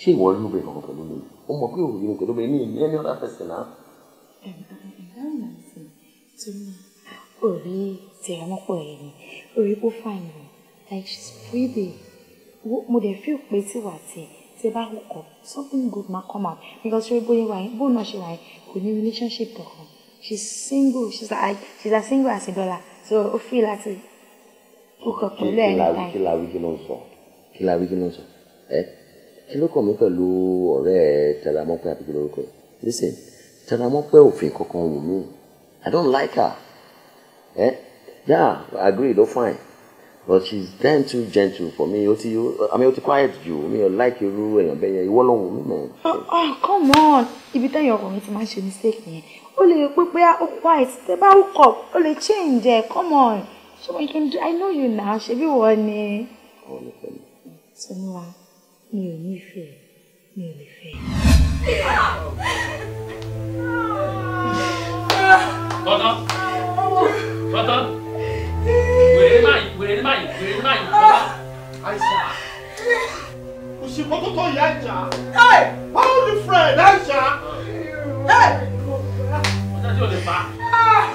ṣé ìwọ ló bẹ̀rẹ̀ ọ̀rọ̀ pẹ̀lú mi ó mọ̀ pé òun pẹ̀lú mi ní ìlú ẹni ọ̀dà fẹsẹ̀ náà. ọ̀rẹ́ ti ẹ̀ wọ́n pọ̀ ẹ̀ ni orí like she's pretty mo dẹ̀ fi pé tí wà tí tí bá hook something good ma come out because ṣe bóyá wà yín bóun she ṣe wà yín kò ní relationship she's single she's like she's as single as a dollar so ó feel like hook up pẹ̀lú ẹ̀ nígbà yìí. kí la wíkì náà sọ kí la wíkì náà sọ ẹ kí ló kàn mí pẹ̀lú ọ̀rẹ́ ẹ Tẹ̀ramọ́pẹ́ àbíkí lórúkọ ẹ listen Tẹ̀ramọ́pẹ́ òfin kankan wù mí I don't like her. Eh? yeah I agree ló fine but she's then too gentle for me o ti I mean o ti quiet ju mi ò like irú èèyàn bẹ́ẹ̀ yẹn you ló wù oh come on ibi tẹ́yìn ọkùnrin ti máa ń ṣe mistake me. Only we are quiet tẹ́ bá ó Only change ẹ̀ come on ṣé wọ́n kí do I know you now She be wọ́n ni. ọ̀hún ló fẹ́ mi. sọ́nùwà mi ò nífẹ̀ẹ́ mi ò wèrè má yìí wèrè má yìí wèrè má yìí bàbá àìsà òṣìkò tó tó yà jà my only friend àìsà. ọjà tí o lè pa. Ah!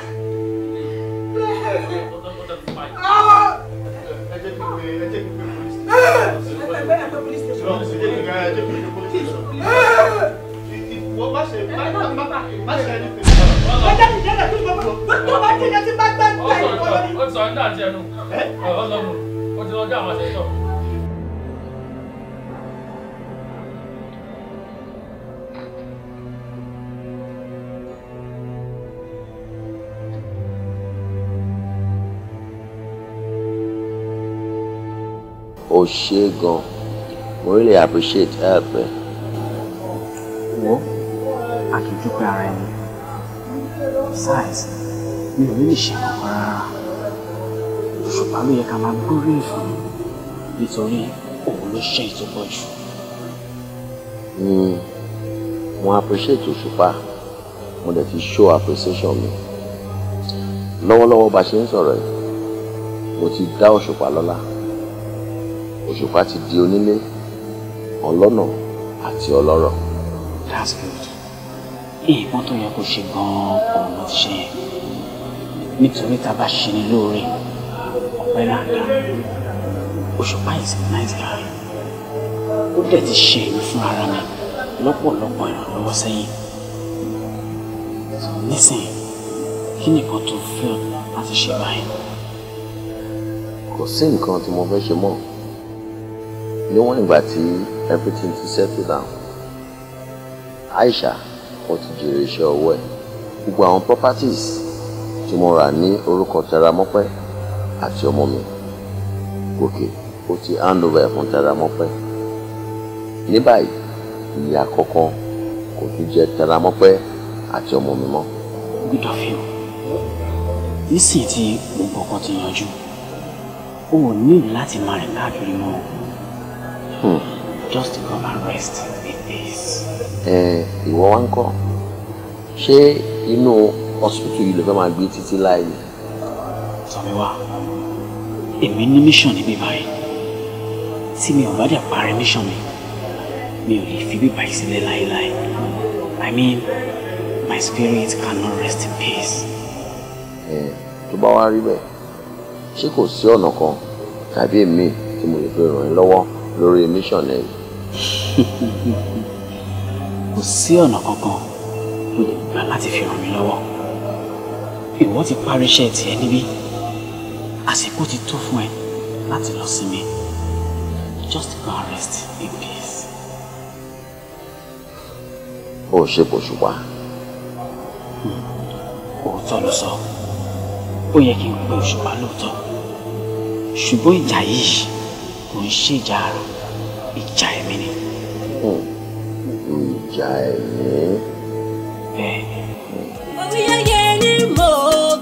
ẹ jẹ́ kí n pe ẹ jẹ́ kí n pe police station. ẹ jẹ́ kí n pe police station wọ́n bá ṣe bá ṣe bá ṣe ẹni fèrè. ọjọ́ ìjẹ́lẹ̀ tó ń bọ̀ tó bá jẹ́jẹ́ tí bá gbẹ́ gbẹ́ sọ ní àti ẹnu ọlọ́mù ó ti lọ́jọ́ àwọn àṣẹjọ́. o ṣe gan mo really appreciate help ẹ. wọ́n àtúntò pé ara ẹni besides mi ò ní lè rárá màá ló yẹ ká máa gbórí ìfún nítorí òun ló ṣe ìtọ́pọ̀ jù. Hmm. mo appreciate Òṣùpá mo dẹ̀ fi show appreciation mi lọ́wọ́lọ́wọ́ bá ṣe ń sọ̀rọ̀ yìí mo ti dá Òṣùpá lọ́lá Òṣùpá ti di onílé ọlọ́nà àti ọlọ́rọ̀. that's good ìbọn tó yẹ kó ṣe gan-an òun ló ṣe nítorí tá a bá ṣe ni lóore. My pẹ̀lú Òṣùpá is a nice guy ó dẹ̀ ti ṣe èmi fún ara mi lọ́pọ̀lọpọ̀ ìrànlọ́wọ́ sẹ́yìn nísìnyí kí nìkan tó fẹ́ láti ṣe báyìí. kò sí nǹkan tí mo fẹ́ ṣe mọ́ níwọ̀n ìgbà tí everything ti settle down Aisha mo ti jèrè iṣẹ́ ọwọ́ ẹ̀ gbogbo àwọn properties tí mo rà ní orúkọ Tẹramọ́pẹ́ àti ọmọ mi gòkè ó ti hand over ẹ̀fọn Tẹramọ́pẹ́ ní báyìí ìyá kankan kò tún jẹ Tẹramọ́pẹ́ àti ọmọ mi mọ́. good of you nísìnyí tí gbogbo ọkàn ti yanjú o ò ní láti máa rìn káàkiri mọ́ hmm. just come and rest in peace. ẹ ìwọ wa ń kọ́ ṣé inú hospital yìí ló fẹ́ máa gbé títí láàyè. Sọmiwá èmi ní mission níbí báyìí tí mi ò bá dẹ̀ parí mission mi mi ò lè fi bí báyìí sílẹ̀ láéláé I mean my spirit cannot rest in peace. ẹ tó bá wá rí bẹ́ẹ̀ ṣé kò sí ọ̀nà kan tàbí èmi tí mo lè fi ràn ẹ́ lọ́wọ́ lórí mission ẹ̀. kò sí ọ̀nà kankan tó lè gbà láti fi ràn mí lọ́wọ́ ìwọ ti parí iṣẹ́ tiẹ̀ níbí àsìkò ti tó fún ẹ láti lọ sinmi just go and rest in peace. ó ṣe kò ṣùpá. òótọ́ ló sọ ó yẹ kí n pe òṣùpá lóòótọ́ ṣùgbọ́n ìjà yìí kò ń ṣe ìjà ara ìjà ẹ̀mí ni. Hmm. ìjà ẹ̀mí. bẹ́ẹ̀ ni. omi yẹ́yẹ́ ni mo.